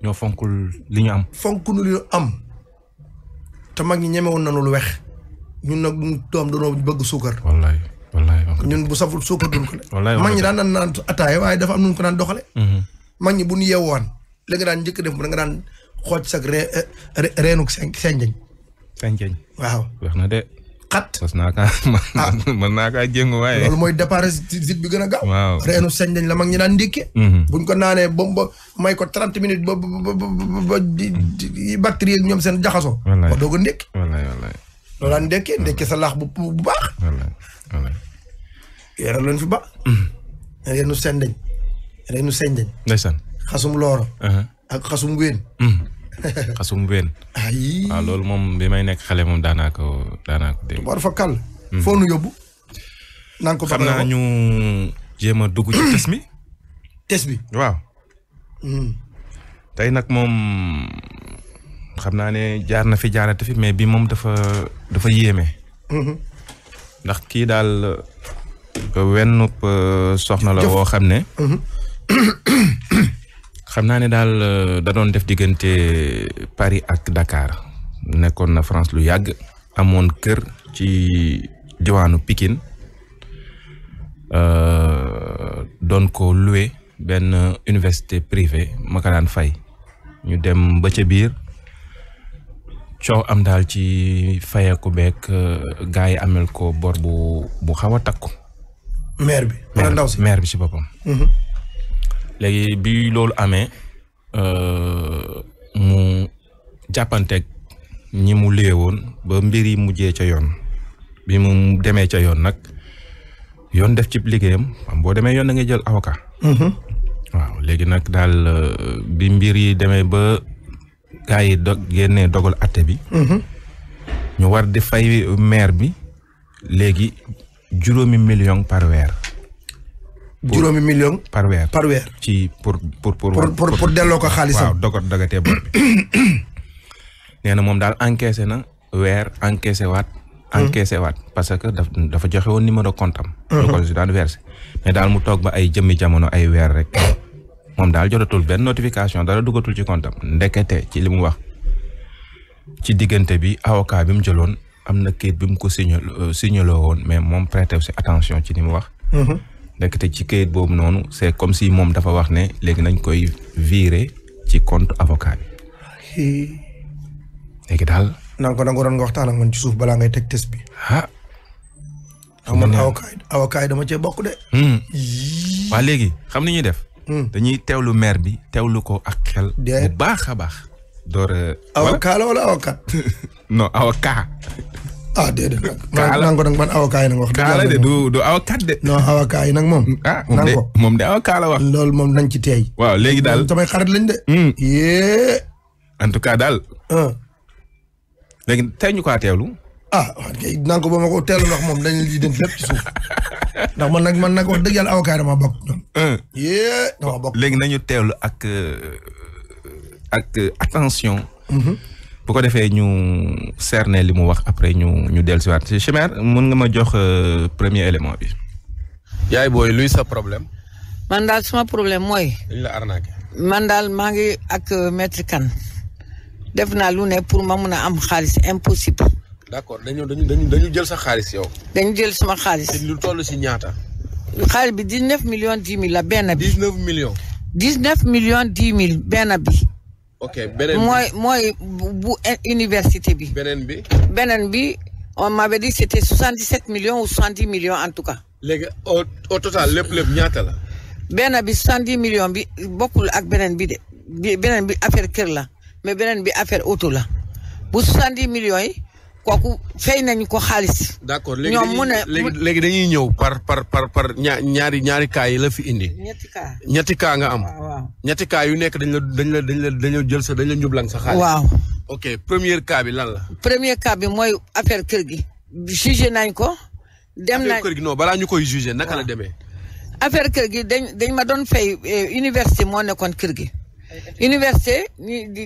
Speaker 2: ñoo fonkul li ñu am.
Speaker 1: fonkul li ñu am te mag ñi ñeme woon nañu lu weex ñun nag duñ doom dañoo bëgg suukar. wallaay wallaay ñun bu saful suukar duñ ko de. wallaay mag ñi daan naan naan ataaya waaye dafa am nu ko daan doxale mm-hmm. mag ñi bu ñu yeewoo li nga daan njëkk def da nga daan xooj sax ree reenug senjañ. senjañ waaw
Speaker 2: wax na de. xat mën naa kaa mën ah. naa kaa jéngu waaye. loolu mooy
Speaker 1: déparasite bi gën a ga waaw reenu sañ nañ la mag ñi daan ndékkee. Mm-hmm. buñ ko naane ba ba may ko trente minutes ba ba bo ba di bactéries ñoom seen jaxasoo. wallaay ba doog a ndékki. wallaay wallaay. loolu daan sa laax bu bu baax. wallaay wallaay. fi ba. Mm-hmm. reenu sañ nañ. reenu sañ nañ. xasum looro. Uh-huh. ak xasum wéen. Mm-hmm.
Speaker 2: xasum ween. waaw loolu moom bi may nekk xale moom daanaa ko daanaa ko dégg.
Speaker 1: war fa kàll. Hmm. foo nu xam naa ñu
Speaker 2: jéem a dugg ci tes mi. tes bi waaw. Hmm. tey nag moom xam naa ne jaar na fi jaarate fi mais bi moom dafa dafa yéeme. Hmm. ndax kii daal euh, wenn euh, soxna la woo xam ne. xam naa ne daal euh, dadoon def diggante Paris ak Dakar nekkoon na France lu yàgg amoon kër ci diwaanu pikin euh, doon ko loué benn université privée ma daan fay ñu dem ba ca biir coow am daal ci fayeeku beeg euh, gars yi amel ko bor bu bu xaw a takku. maire bi maire bi si boppam. Mm-hmm. léegi bi loolu amee euh, mu jàppanteeg ñi mu lee woon ba mbir yi mujjee ca yoon bi mu demee ca yoon nag yoon def ci liggéeyam boo demee yoon da ngay jël avocat. Mm-hmm. waaw léegi nag daal euh, bi mbir yi demee ba gars yi do génnee dogal atte bi. Mm-hmm. ñu war di fay maire bi léegi juróomi million par weer.
Speaker 1: juróomi million.
Speaker 2: par weer par weer. ci pour pour pour. pour pour delloo ko xaalisam. nee na moom daal encaissé na weer encaissé waat. encaissé waat parce que dafa joxe woon numéro compte am.
Speaker 3: lu
Speaker 2: mais daal mu toog ba ay jëmmi jamono ay weer rek. moom daal jotatul benn notification dara dugatul ci compte am ndekete ci li mu wax ci diggante bi avocat bi mu jëloon am na kayit bi mu ko signalé signalé woon mais moom prêté si attention ci ni mu wax. donc ci kayit boobu noonu c'est comme si moom dafa wax ne léegi nañ koy virer ci compte avocat
Speaker 1: bi. léegi daal. naan ko da nga waxtaan ak man ci suuf balaa ngay teg test bi. ah. xam nga avocat avocat yi dama cee bokk de.
Speaker 2: Hmm. waa léegi xam ni ñuy def. Hmm. dañuy teewlu maire bi teewlu ko ak xel.
Speaker 1: bu baax a baax. door avocat la avocat. ah déedéet. kaa la nag man avocat yi nag wax. kaa de du du avocat de. non avocat yi moom. ah moom de moom de avocat la wax. loolu moom nañ ci teey. waaw léegi daal samay xarit lañ de. Hmm.
Speaker 2: yee. en tout cas daal. Ah. léegi tey ñu ko teewlu.
Speaker 1: ah kay ko ba teelu moom dañu lii dégg lépp ci suuf ndax man nag man nag wax dëgg yàlla avocat dama bokk.
Speaker 2: Hmm. yee dama bokk. léegi nañu teewlu ak euh, ak euh, attention. Mm-hmm. bu ko defee ñu cerner li mu wax après ñu ñu dellusiwaat Chimère mun nga ma jox euh, premier élément bi. yaay booy
Speaker 4: luy sa problème.
Speaker 3: man daal suma problème mooy. dañ la arnaqué. man daal maa ngi ak euh, maître def naa lu ne pour ma mun a am xaalis impossible. d'
Speaker 4: accord dañu dañu dañu jël sa xaalis yow. dañu jël suma xaalis. lu toll si ñaata.
Speaker 3: xaalis bi dix neuf million dix mille benn bi. dix neuf millions.
Speaker 4: ok beneen bi mooy
Speaker 3: mooy bu université bi. beneen bi. beneen bi on m'avait dit c'était 77 millions ou 70 million en tout cas. léegi au lép total ñaata la. benn bi 70 million bi bokkul ak beneen bi de beneen bi affaire kër la mais beneen bi affaire auto la bu 70 millions yi. kooku fay nañu ko xaalis. d'accord léegi ñoom mu ne
Speaker 4: léegi dañuy ñëw par par par par ñaari ñaari cas yi la fi indi. ñetti cas ñetti cas nga am. waaw ñetti cas yu nekk dañ la dañ la dañ la dañ jël sa dañ la njublang sa xaalis. waaw ok premier cas bi lan la.
Speaker 3: premier cas bi mooy affaire kër gi. jugé nañ ko. dem nañ affaire kër
Speaker 4: gi non balaa ñu koy jugé naka la demee.
Speaker 3: affaire kër gi dañ dañ ma doon fay eh, université moo nekkoon kër gi. université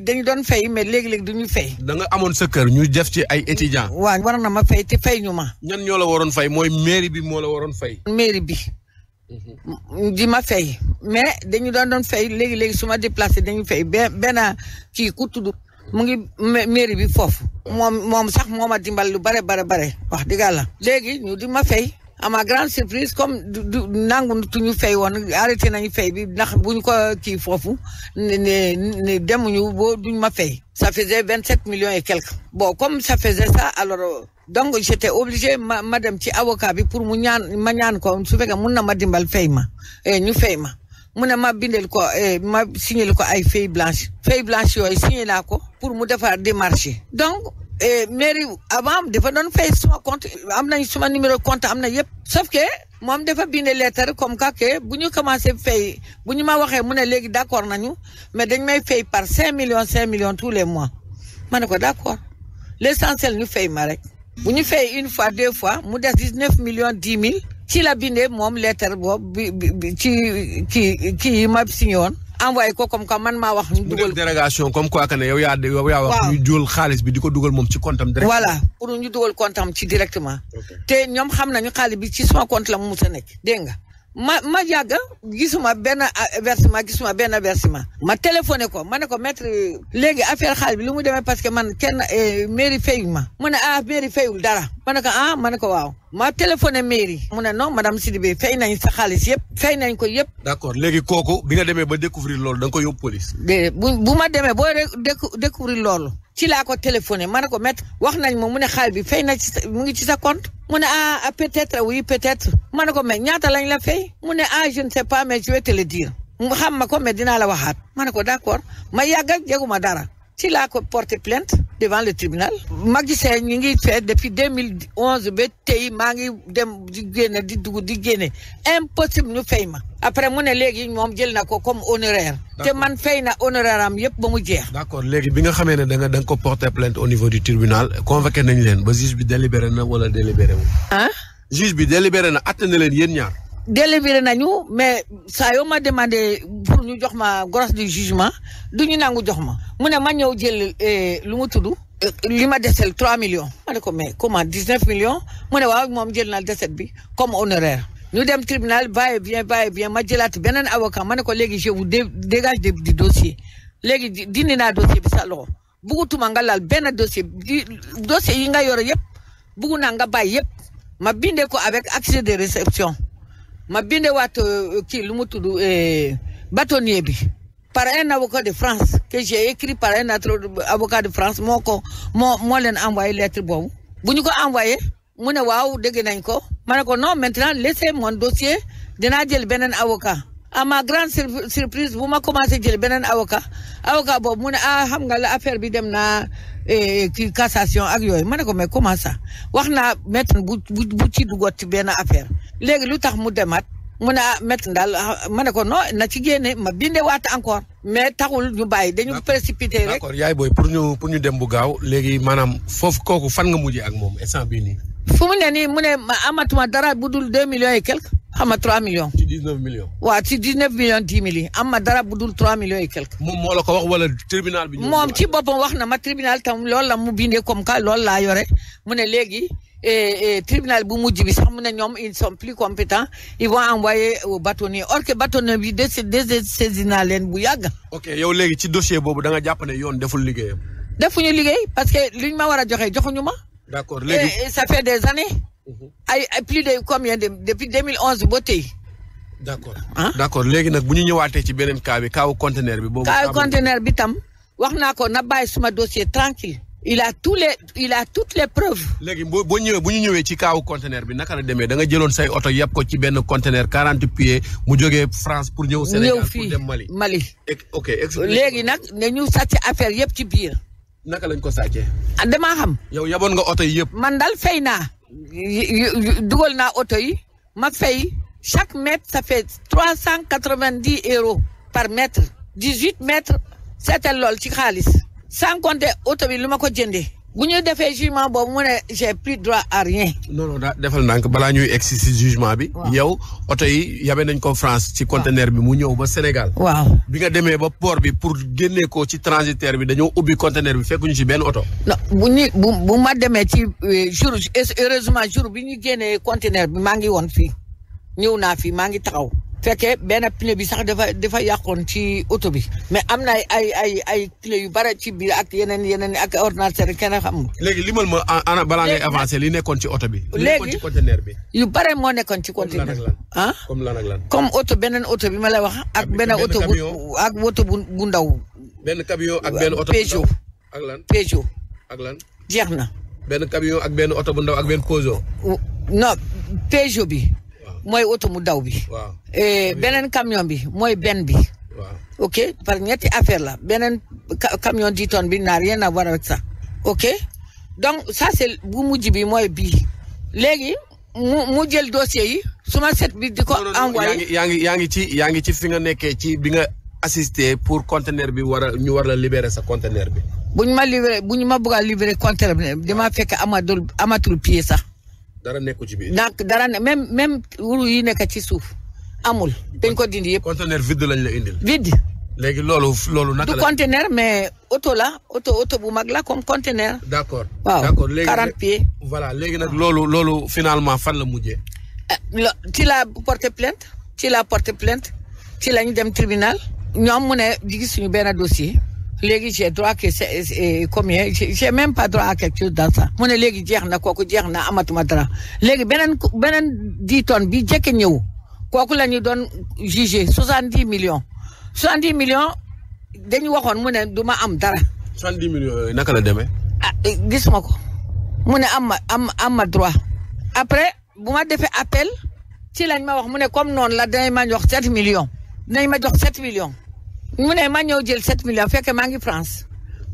Speaker 3: dañu doon fay mais léegi-léegi du ñu fay.
Speaker 4: danga amoon sa kër ñu def ci ay étudiants.
Speaker 3: waaw war na ma fay te fay ñu ma.
Speaker 4: ñan ñoo la waroon fay mooy mairie bi moo la waroon fay.
Speaker 3: mairie bi. di ma fay mais dañu doon doon fay léegi-léegi su ma déplacé dañu fay benn benn kii ku tudd mu ngi mairie bi foofu. moom moom sax moo ma dimbal lu bare bare bare wax dëgg yàlla. léegi ñu di ma fay. a ma grande surprise comme du du nangutuñu fay woon arrêté nañu fay bi ndax ñu ko kii foofu ne ne demuñu boo duñ ma fay. ça faisait vingt sept millions et quelques. bon comme ça faisait ça alors donc j' étais obligé ma dem ci avocat bi pour mu ñaan ma ñaan ko su fekkee mun na ma dimbal fay ma eh, ñu fay ma mu ne ma bindel ko eh, ma signé ko ay feuille blanche feuille blanche yooyu signé naa ko pour mu defar démarche donc. Eh, mairie avant am dafa doon fay suma compte am nañ suma numéro compte am na yëpp sauf que moom dafa bind lettre comme quoi que bu ñu commencé fay bu ñu ma waxee mu ne léegi d' accord nañu mais dañ may fay par cinq millions cinq millions tous les mois ma ne ko d' accord l' essentiel ñu fay ma rek bu ñu fay une fois deux fois mu de dix neuf millions dix mille ci la bindee moom lettre boobu bi ci ci kii yi ma signé woon envoyé ko comme quoi man maa wax. ñu dugal
Speaker 4: dérogation comme quoi que ne yow yaa wax. ñu jël xaalis bi di ko dugal moom ci compte am. voilà
Speaker 3: pour ñu dugal compte am ci directement. te ñoom xam nañu xaalis bi ci sama compte la mu mus nekk. dégg nga ma ma yàgg gisuma benn versement gisuma benn versement. ma téléphoné ko ma ne ko maître léegi affaire xaalis bi lu mu demee parce que man kenn eh, mairie fayul ma. mu ne ah mairie fayul dara. ma ne ko ah ma ne ko waaw. ma téléphoné mairie mu ne non madame Sidibé fay nañ sa xaalis yëpp fay nañ ko yëpp.
Speaker 4: d' léegi kooku bi nga demee ba découvrir loolu dan ko yóbbu police.
Speaker 3: de bu bu ma demee boo découvrir loolu. ci laa ko téléphone ma ne ko maître wax nañ ma mu ne xaalis bi fay na ci mu ngi ci sa compte mu ne ah, ah peut être oui ma ne ko mais ñaata lañ la fay mu ne ah je ne sais pas mais je vais mu xam ma ko mais dinaa la waxaat ma ne ko d' accord ma yàgg ak jeguma dara. ci laa ko porté plainte devant le tribunal Macky Sall ñu ngi fait depuis deux mille onze tey maa ngi dem di génne di dugg di génne impossible ñu fey ma après mu ne léegi moom jël na ko comme honoraire te man fey na honoraire am yëpp ba mu jeex
Speaker 4: d'accord léegi bi nga xamee ne da nga da nga ko porté plainte au niveau du tribunal convoqué nañ leen ba juge bi délibéré na wala délibéré wu ah juge bi délibéré na atte na leen yéen ñaar
Speaker 3: délivré nañu mais saa yoo ma demandé pour ñu jox ma grâce du jugement du ñu nangu jox ma mu ne ma ñëw jël eh, lu mu tudd eh, li ma desel trois millions ma ne ko mais comment dix-neuf millions mu ne waaw moom jël na deset bi comme honoraire ñu dem tribunal bàyyi bien bàyyi bien ma jëlaat beneen avocat ma ne ko léegi je vous dégage du dossier léegi dindi naa dossier bi sa loxo bugutuma nga lal benn dossier dossier yi nga yore yëpp bugu nan nga bàyyi yëpp ma bindee ko avec acc de réception ma bindewaat euh, euh, kii lu mu tudd eh, bâtonnier bi par un avocat de France que j'ai écrit par un avocat de France moo ko moo moo leen envoyé lettre boobu bu ñu ko envoyé mu ne waaw dégg nañ ko ma ne ko non maintenant laissez mon dossier dinaa jël beneen avocat à ma grande surprise bu ma commencé jël beneen avocat avocat boobu mu ne ah xam nga la affaire bi dem naa eh, ci cassation ak yooyu ma ne ko mais comment wax naa maître bu bu bu ci duggoot ci benn affaire léegi lu tax mu demaat mu a ah maître daal ah, ma ne ko non na ci génne ma bindee waat encore mais taxul ñu bàyyi dañu précipité
Speaker 4: rek. d'accord yaay booy pour ñu pour ñu dem bu gaaw léegi maanaam foofu kooku fan nga mujjee ak moom instant bii nii.
Speaker 3: fu mu ne nii mu ne amatuma dara budul deux millions et quelque. am ma 3 millions. ci
Speaker 4: 19 millions.
Speaker 3: waaw ci 19 millions 10 mille yi am ma dara bu dul 3 millions et quelque. moom moo la ko
Speaker 4: wax wala tribunal bi. moom
Speaker 3: ci boppam wax na ma tribunal tam loolu la mu bindee comme ka loolu laa yore mu ne léegi eh, eh, tribunal bu mujj bi sax mu ne ñoom ils sont plus compétents ils vont envoyer au euh, bâtonnier or que bâtonnier bi de de leen bu yàgg. ok
Speaker 4: yow léegi ci dossier boobu da nga jàpp yoon deful liggéeyam.
Speaker 3: defuñu liggéey parce que luñ ma war a joxe joxuñu ma.
Speaker 4: d'accord léegi eh,
Speaker 3: ça des années. ay ay plus de combien de depuis 2011 ba tey.
Speaker 4: d' accord ah d' accord léegi nag bu ñu ñëwaatee ci beneen cas bi kaawu conteneur bi. boobu kaawu
Speaker 3: conteneur bi tam wax naa ko na bàyyi suma dossier tranquille il a tous les il a toutes les preuves.
Speaker 4: léegi boo boo ñëwee bu ñu ñëwee ci kaawu conteneur bi naka la demee danga jëloon say oto yàpp ko ci benn conteneur quarante pieds mu jógee France pour ñëw. Sénégal pour
Speaker 3: dem Mali ñëw fii Mali. ok léegi nag nañu sàcc affaire yëpp ci biir. naka lañ ko sàccee. ah damaa xam. yow yaboon nga oto yëpp. man dal fay naa. dugal naa oto yi ma fay chaque mètre ça fait trois cent quatre vingt dix euros par mètre dix huit mètres seetal lool ci xaalis sans compter oto bi lu ma ko jëndee bu ñu defee jugement boobu mu ne j'ai plus droit à rien.
Speaker 4: non non defal ndànk balaa ñuy egsi si bi. yow oto yi yabe nañ ko France. ci conteneur bi mu ñëw ba Sénégal. waaw bi nga demee ba por bi pour génnee ko ci transitaire bi dañoo ubbi conteneur bi fekkuñu ci benn oto.
Speaker 3: non bu ñu bu bu ma demee ci euh, jour heureusement jour bi ñu génnee conteneur bi maa ngi woon fii ñëw naa fii maa ngi taxaw. fekkee benn pneu bi sax dafa dafa yàqoon ci oto bi mais am na ay ay ay clé yu bare ci bi ak yeneen yeneen ak ordinateur kenn xam.
Speaker 4: léegi limal ma ana balaa ngay avancé li nekkoon ci oto bi. léegi
Speaker 3: conteneur bi. yu bare moo nekkoon ci conteneur bi. ah comme lan ak lan comme oto beneen oto bi ma la wax. ak bene oto bu ak oto bu ndaw. benn
Speaker 4: camion ak benn oto bu ndaw ak lan Peugeot ak lan jeex na. benn camion ak benn
Speaker 3: oto bu ndaw ak benn Peugeot. non Peugeot bi. mooy oto mu daw bi. waaw eh, beneen camion bi mooy benn bi. ok par ñetti affaire la beneen camion dix tonnes bi n'a rien à voir avec ok donc ça c'est bu mujj bi mooy bii léegi mu mu jël dossier yi suma set bi di ko. envoyé
Speaker 4: yaa ngi yaa ngi ci yaa ngi ci fi nga nekkee ci bi nga assister pour conteneur bi war a ñu war la libérer sa conteneur bi.
Speaker 3: buñ ñu ma libéré bu ñu ma bëgg a libéré conteneur bi dama fekk ama amatul pied sax. dara nekku ci biir. donc dara ne même même wuru yi nekk ci suuf amul.
Speaker 4: dañ ko dindi yëpp conteneur vide lañ la indil. vide. léegi loolu loolu naka la du
Speaker 3: conteneur mais auto la auto auto bu mag la comme conteneur.
Speaker 4: d' accord waaw d' accord léegi 40 pieds. voilà léegi nag loolu loolu finalement fan la mujjee.
Speaker 3: Ah, ci la porté plainte ci la porté plainte ci lañu dem tribunal ñoom mu ne gis suñu benn dossier. léegi j'ai droit que c'est euh, combien j'ai même pas droit à quelque chose dans mu ne léegi jeex na kooku jeex na amatuma dara léegi beneen beneen dix tonnes bi jëkk ñëw kooku la ñu doon jugé soixante dix million soixante dix millions dañu waxoon mu ne du ma am dara. soixante dix millions naka la demee. ah eh, gis ma ko mu ne am ma am am ma droit après bu ma defee appel ci lañ ma wax mu ne comme noonu la dinañ ma jox sept ne dinañ ma jox sept million mu ne ma ñëw jël 7 millions fekke maa ngi France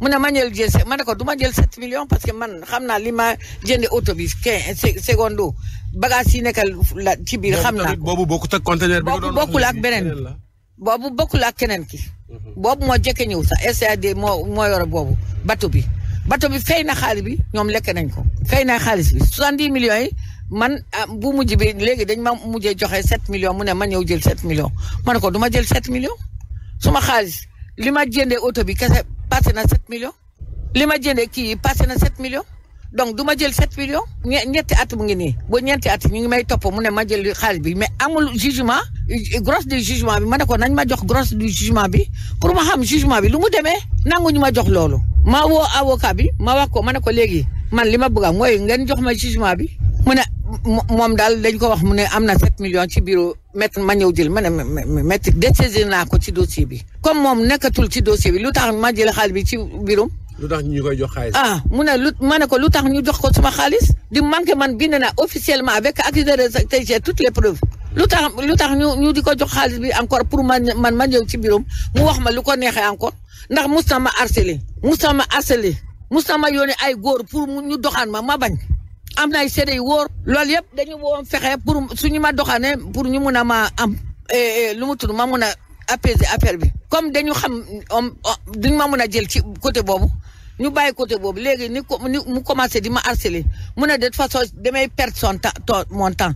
Speaker 3: mu ne ma ñëw jël ma ne ko du ma jël 7 millions parce que man xam naa li ma jëndee oto bi 15 secondo bagage yi nekkal la ci biir xam naa boobu bokkul ak conteneur bi boobu bokkul ak beneen boobu bokkul ak keneen ki mhm. boobu moo jëkke ñëw sax a moo moo yore boobu bato bi bato bi fay na xaalis bi ñoom lekk nañ ko fay na xaalis bi 70 millions yi man ah, bu mujj bi léegi dañ ma mujjee joxe 7 million mu ne ma ñëw jël set million ma ne ko du ma jël 7 millions suma xaalis li ma jëndee oto bi kese passé na 7 millions li ma jëndee kii yi passé na 7 millions donc du ma jël sept millions ñetti at mu ngi nii ba ñeenti at ñu ngi may toppo mu ne ma jël xaalis bi mais amul jugement grosse du jugement bi ma ne ko nañ ma jox grosse du jugement bi pour ma xam jugement bi lu mu demee nanguñu ma jox loolu. ma woo avocat bi ma wax ko ma ne ko léegi man li ma bëgg mooy ngeen jox ma jugement bi mu ne moom daal dañ ko wax mu ne am na 7 million ci bureau maître ma ñëw jël ma ne maître désaisir naa ko ci dossier bi comme moom nekkatul ci dossier bi lu tax ma jël xaalis bi ci bureau lu tax ñu koy jox ah, mu ne lu ma ne ko lu tax ñu jox ko sama xaalis di manqué man bind na officiellement avec accusé de tey j'ai toutes les preuves. lu tax lu tax ñu ñu di ko jox xaalis bi encore pour man man ma ñëw ci birom mu wax ma lu ko neexee encore ndax mus na ma harcelé mus na ma harcelé mus na ma yónnee ay góor pour ñu doxaan ma ma bañ. am na ay seede yu wóor loolu yëpp dañu woon fexe pour suñu ma doxane pour ñu mun a ma am eh, eh, lu mu tudd ma mun a apaiser affaire bi comme dañu xam duñ ma mun a jël ci côté boobu ñu bàyyi côté boobu léegi ni ni mu commencé di ma harceler mu ne de façon damay perdre son temps mon temps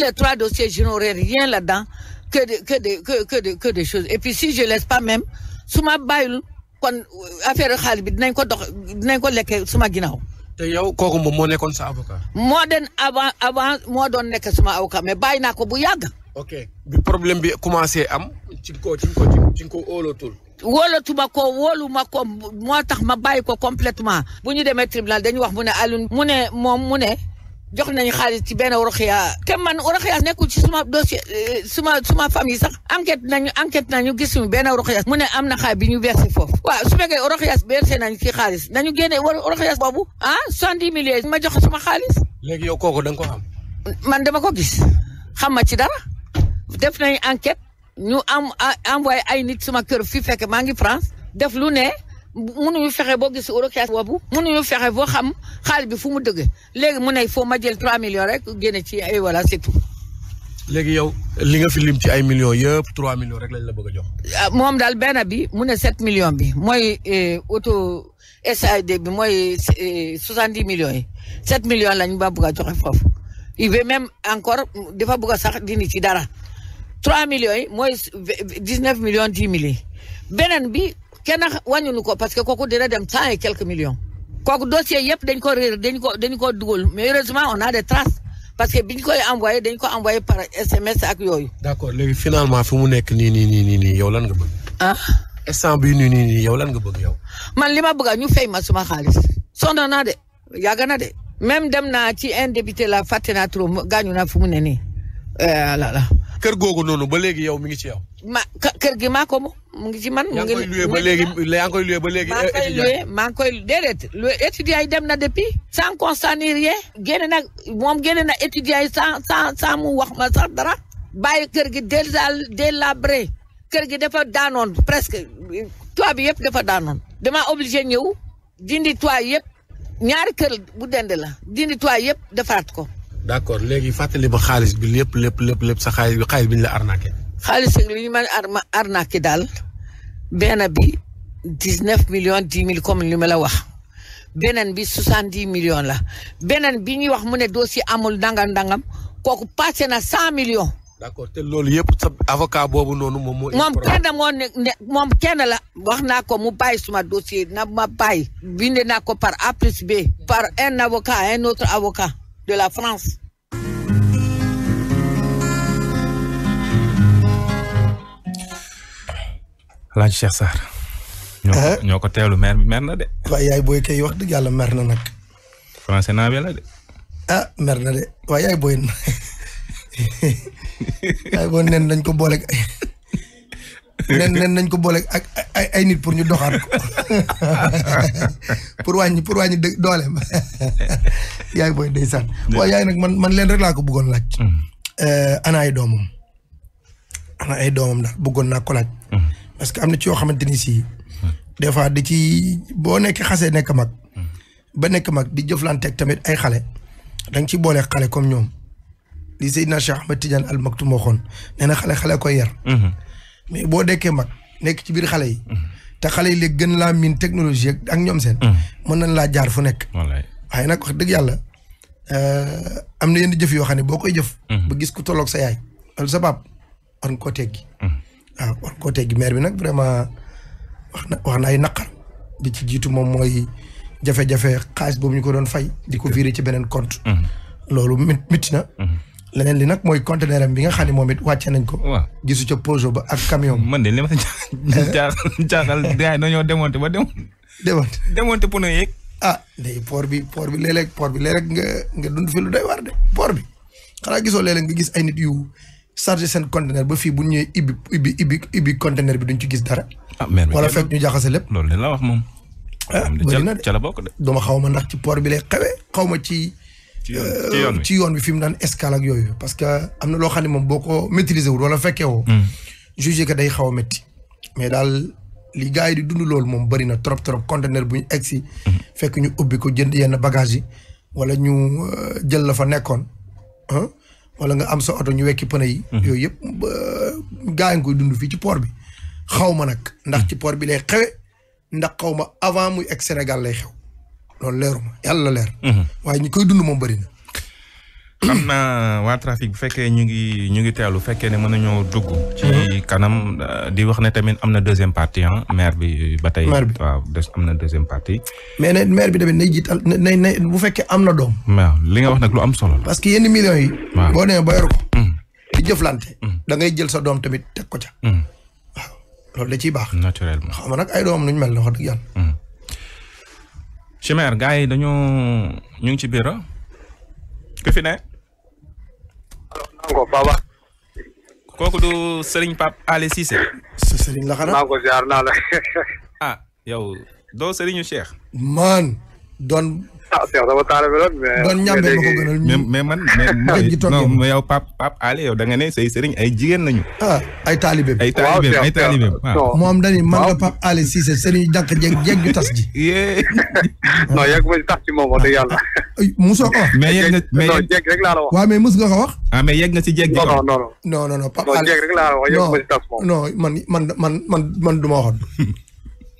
Speaker 3: les trois dossiers je n'aurai rien là-dedans que de que de que que de que des choses et puis si je laisse pas même su ma bàyyul kon affaire xaalis bi dinañ ko dox dinañ ko lekkee suma ginnaaw te yow
Speaker 4: kooku moom moo nekkoon sa avocat.
Speaker 3: moo den avant avant moo doon nekk sama aw mais bàyyi naa ko bu yàgg.
Speaker 4: ok bi problème bi commencé am. ci ko ci ko ci ko wóolootul.
Speaker 3: wóolootuma ko ko moo tax ma bàyyi ko complètement bu ñu demee tribunal dañu wax mu ne Alioune mu ne moom mu ne. jox nañu xaalis ci benn Oroxia te man Oroxia nekkul ci suma dossier euh, suma suma famille sax enquête nañu enquête nañu gisuñu benn Oroxia mu ne am na xaalis bi ñu versé foofu waaw su fekkee Oroxia versé nañu ci xaalis nañu génne war Oroxia boobu ah soixante-dix millions ma jox suma xaalis.
Speaker 4: léegi yow kooku da nga ko
Speaker 3: man dama ko gis xam ma ci dara def nañu enquête ñu am envoyé ay nit suma kër fi fekk maa ngi France def lu ne. mënuñu fexe boo gis urocas boobu mënuñu fexe boo xam xaal bi fu mu dëgg léegi mu ne il ma jël 3 millions rek génne ci ay voilà c'est tout
Speaker 4: léegi yow li nga fi lim ci ay millions yëpp 3 millions rek lañ la bëgg a jox
Speaker 3: ah, moom daal benn bi mu ne 7 millions bi mooy eh, auto SAID bi mooy 70 eh, millions yi 7 millions lañ ba bëgg a joxe foofu il veut même encore dafa bëgg a sax dindi ci dara 3 millions yi mooy 19 millions 10 mille yi beneen bi kenn wàññunu ko parce que kooku dina dem cent et quelques millions kooku dossier yëpp dañ ko réer dañ ko dañ ko dugal mais heureusement on a des parce que biñ koy envoyé dañ ko envoyé par SMS ak yooyu.
Speaker 4: d'accord léegi finalement fi mu nekk nii nii nii nii yow lan nga bëgg. ah instant ni nii nii nii yow lan nga bëgg yow.
Speaker 3: man li ma bëgg ñu fay ma suma xaalis sonn naa de yàgg na de même dem naa ci un député la fàtte naa gaañu naa fu mu ne nii
Speaker 4: voilà. Euh, kër googu noonu ba léegi yow mi ngi ci yow.
Speaker 3: ma kër gi maa ko moom mu ngi si man. mu ngi koy ba léegi
Speaker 4: yaa ngi koy loué ba léegi. maa koy loué
Speaker 3: maa ngi koy déedéet loué étudiants yi dem na depuis. sans constat ni rien génne na moom génne na étudiants yi sans sans sans mu wax ma sax dara. bàyyi kër gi déjà délabré kër gi dafa daanoon presque toit bi yëpp dafa daanoon. damaa obligé ñëw dindi toit yëpp ñaari kër bu dend la dindi toit yëpp defaat ko.
Speaker 4: d'accord léegi fàttali ma xaalis bi lépp lépp lépp lépp sa xaalis bi xaalis bi ñu la arnaqué.
Speaker 3: xaalis ak li ñu mën a arnaqué daal benn bi dix neuf millions dix mille comme li ma la wax beneen bi soixante dix million la beneen bi ñuy wax mu ne dossier amul ndangam ndangam kooku passé na cent million
Speaker 4: d' te loolu yëpp sa avocat boobu noonu moom
Speaker 3: moom kenn la. wax naa ko mu bàyyi suma dossier na ma bàyyi. binde na ko par A plus B. par un avocat un autre avocat de la France.
Speaker 2: laaj Cheikh Sarr. ñoo ko eh? ko teelu mer mer na de.
Speaker 1: waaye yaay booy kay wax dëgg yàlla mer na nag.
Speaker 2: français naa be de.
Speaker 1: ah mer na de waaye yaay booy yaay booy nen nañ ko booleeg
Speaker 3: ay nen
Speaker 1: ko booleeg ak ay nit pour ñu doxaat ko pour wàññi pour wàññi dooleem yaay booy ndeysaan. waaye yaay nag man man leen rek laa ko bëggoon laaj. Mm. Eh, ana ay doomam ana daal bëggoon naa ko laaj. Mm. parce que am na ci yoo xamante ni si des fois di ci boo nekkee xasee nekk mag ba nekk mag di jëflanteeg tamit ay xale da nga ci boole xale comme ñoom li Seydina Cheikh Ahmed Al Maktoum waxoon xale xale koy yar. Mhm. mais boo dekkee mag nekk ci biir xale yi. Mhm. te xale yi léegi gën laa miin technologie ak ñoom seen. Mhm. mën nañ laa jaar fu nekk.
Speaker 2: waaye
Speaker 1: nag wax dëgg yàlla euh, am na yenn jëf yoo xam ne boo koy jëf. ba gis ku tolloog sa yaay wala sa baab war nga koo waaw kon côté gi bi nag vraiment wax na wax na ay naqar di ci jiitu moom mooy jafe-jafe xaalis boobu ñu ko doon fay di ko viré ci beneen compte mhm. loolu mit miti na mhm. leneen li nag mooy conteneur am bi nga xam ne moom it wàcce nañ ko gisu ca projet ba ak camion
Speaker 2: man de li a jaaxal
Speaker 1: jaaxal gars yi dañoo démonté ba démonté démonté démonté pneu yeeg ah day port bi port bi léeg-léeg bi léeg nge nga dund fi day doy waar de poor bi xanaa gisoo léeg-léeg nga gis ay nit yu chargé seen conteneur ba fii bu ñu ñëwee ibbi ibbi ibbi ibbi conteneur bi duñ ci gis dara. ah wala fekk ñu jaxase lépp. loolu la wax moom. ah na de bokk de. xaw ma ndax ci port bi lay xewee xaw ma ci. Euh, ci yoon wi fi mu naan escale ak yooyu. parce que am na loo xam ne moom boo ko maîtriser wul wala fekkee woo. Hmm. jugé que day xaw a métti. mais daal li gars yi di dund loolu moom bëri na trop trop conteneur bu ñu egg si. Hmm. fekk ñu ubbi ko jënd yenn bagage yi. wala ñu euh, jël la fa nekkoon. wala nga am sa oto ñu wekki pneu yi. Mhm. yooyu yëpp gaa ngi koy dund fii ci port bi xaw ma nag. ndax ci mhm. port bi lay xewe ndax xaw ma avant muy egg Sénégal lay xew loolu leeruma yàlla leer. Mhm. waaye ñi koy dund moom bëri
Speaker 2: xam naa waa trafic bu fekkee ñu ngi ñu ngi teelu fekkee ne mën nañoo dugg. ci mhm. kanam euh, di wax ne tamit am na deuxième partie ah maire bi ba tey. maire bi waaw
Speaker 1: am na deuxième partie. mais maire bi tamit nay jiital nay nay bu fekkee am na doom.
Speaker 2: waaw li nga wax nag lu am solo parce que
Speaker 1: yenn millions yi. waaw boo demee ba yor ko. Mhm. di jëflante. Mhm. da ngay jël sa doom tamit teg ko ca. loolu da ciy baax. naturellement xam nga nag ay doom nuñ mel ne wax dëgg yàlla.
Speaker 2: Chimère gars yi dañoo ñu ngi ci biir ku ne. kooku du Serigne Pape Alé Cissé.
Speaker 1: sa Serigne la xanaa maa
Speaker 2: ko ah yow doo Serigne Cheikh.
Speaker 1: man doon. ah
Speaker 2: Cheikh dama taalameloon mais. doon ñàmbe ma ko gënal mais mais man. nga ne say ay jigéen lañu. ah
Speaker 1: ay taalibe. ay taalibe ay taalibe waaw. moom dañuy man nga Pape Alé Cissé sëriñ dànk jeeg jeeg ju tas ji.
Speaker 5: non yegg ma tax ci moom wax dëgg yàlla.
Speaker 1: Ah, musoo ko wax. mais rek la wax. waaw mais ma man man man man man du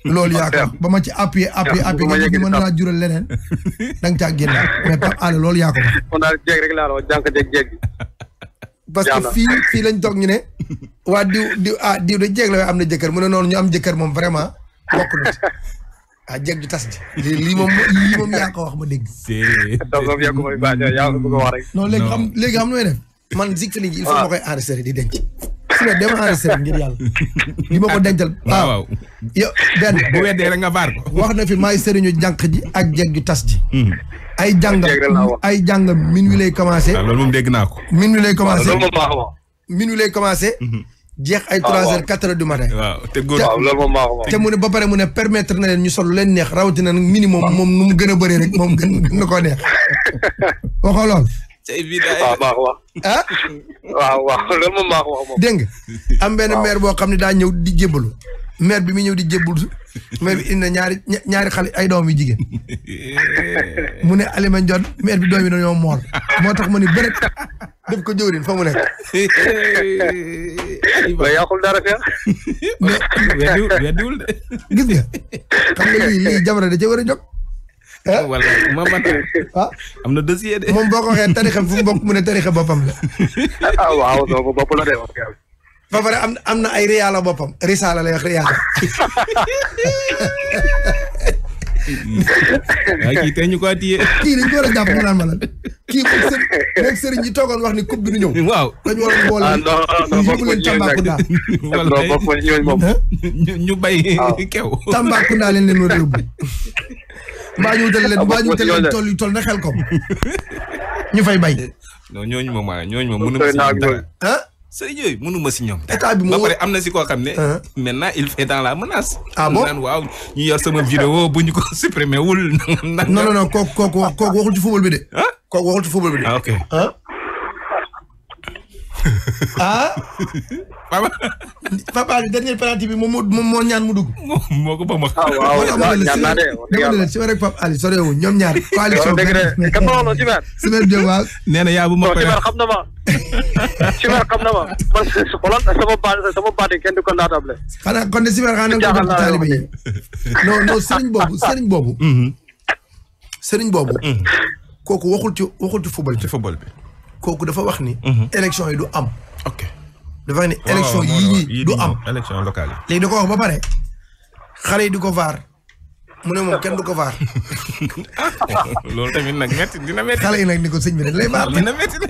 Speaker 1: loolu yaakaar ba ma ci appuyé appuyé appuyé nga ñu mën naa jural leneen da nga caa génnaat mais Pape loolu yaa ma.
Speaker 5: kon daal jéeg rek laa la wax jànk jéeg jéeg parce que fii
Speaker 1: fii lañ toog ñu ne waa diw diw ah diw de jéeg la waaye am na jëkkër mu ne noonu ñu am jëkkër moom vraiment bokk na ci ah jéeg ju tas ji lii moom lii moom wax ma dégg.
Speaker 5: donc yow yaa ko bëgg
Speaker 1: a wax rek. non léegi xam léegi xam nooy man Zik Feeling il faut ah. ma koy enregistrer di denc. su ma dem enregistrer ngir yàlla. li ma ko dencal. waaw ah, waaw yow benn. bu weddee rek nga baar ko. wax na fi maay sëriñu jànq ji ak jeeg ju tas ji. Hmm. ay jàngam ay jàngam min wi lay commencé. waaw ah, loolu moom dégg naa ko. min wi lay commencé min wi lay commencé. Hmm. jeex ay trois heures quatre heures du matin. waaw te góor mu ne ba pare mu ne permettre na leen ñu sol leen neex rawatina nag minimum moom nu mu gën a bëree rek moom gën na koo neex waxoo lool.
Speaker 5: waaw baax ah? waaw waaw loolu moom baax wax moom.
Speaker 1: dégg am benn maire boo xam ne daa ñëw di jébbalu maire bi mu ñëw di jébbalu maire bi indi ñaari ñaari ay doom yu jigéen mu ne Alioune Ndiol maire bi doom yi dañoo mool moo tax ma ni bëri def ko jëwrin fa mu nekk. mais yàqul dara fi ah. mais weddiwul de. gis nga xam nga lii lii jamono da cee war wala moom man ah. am na dossier de. moom boo ko waxee tarixa fu mu bokk mu ne tarixa boppam la.
Speaker 5: ah, ah waaw non ko bopp
Speaker 1: la de wax ba pare am am na ay riyaala boppam risaala lay wax riyaala. waaye kii tey ñu ko atiyee. kii dañu ko war a jàpp mu naan ma lan kii moom sëriñ même sëriñ yi toogoon wax ni coupe bi du ñëw. waaw dañu war a boole. ah non non bokkul ñooñu nag ñu bay ah. kew. Tambacounda leen leen war a yóbbu. mbaa ñu wutal leen mbaa ñu wutal leen tool yu toll na xel kom ñu fay bay.
Speaker 2: non ñooñu moom waaye ñooñu moom mënu ma si ñoom dara. ah sëriñ si ñoom dara. bi moo ba am na si koo xam ne. maintenant il fait dans la menace. ah bon naan waaw ñu yor sama vidéo bu ñu ko supprimer wul. non non non
Speaker 1: kooku kooku kooku waxul ci football bi de. ah kooku waxul ci football bi de. ah ok ah. papa papa bi dernier penalty bi moom moo moo ñaan mu dugg. moo ko bëgg ma. ah waaw ñaan naa de. dama ne si rek Pape Ali sore wu ñoom ñaar. coalition dëgg de kan ma waxoon Sibar. Sibar Diop waaw.
Speaker 6: nee na yaa bu ma. Sibar xam na ma. Sibar xam na ma. man xoolal sama
Speaker 5: baat sama baat yi kenn du ko naatable.
Speaker 1: xanaa kon de Sibar xanaa nga ko bëgg taalibe yi. non non sëriñ boobu sëriñ boobu. Mm-hmm. sëriñ boobu. Mm-hmm. kooku waxul ci waxul ci football. ci football bi. kooku dafa wax ni. Mm-hmm. élection yi du am. ok. dafa ne élection yii nii du am
Speaker 2: élection locale
Speaker 1: yi. da ko wax ba bare xale yi di ko vaar mu ne moom kenn du ko vaar.
Speaker 2: loolu tamit nag métti dina
Speaker 1: métti. xale yi nag ni ko sëñ bi dañ lay vaar. dina métti nag.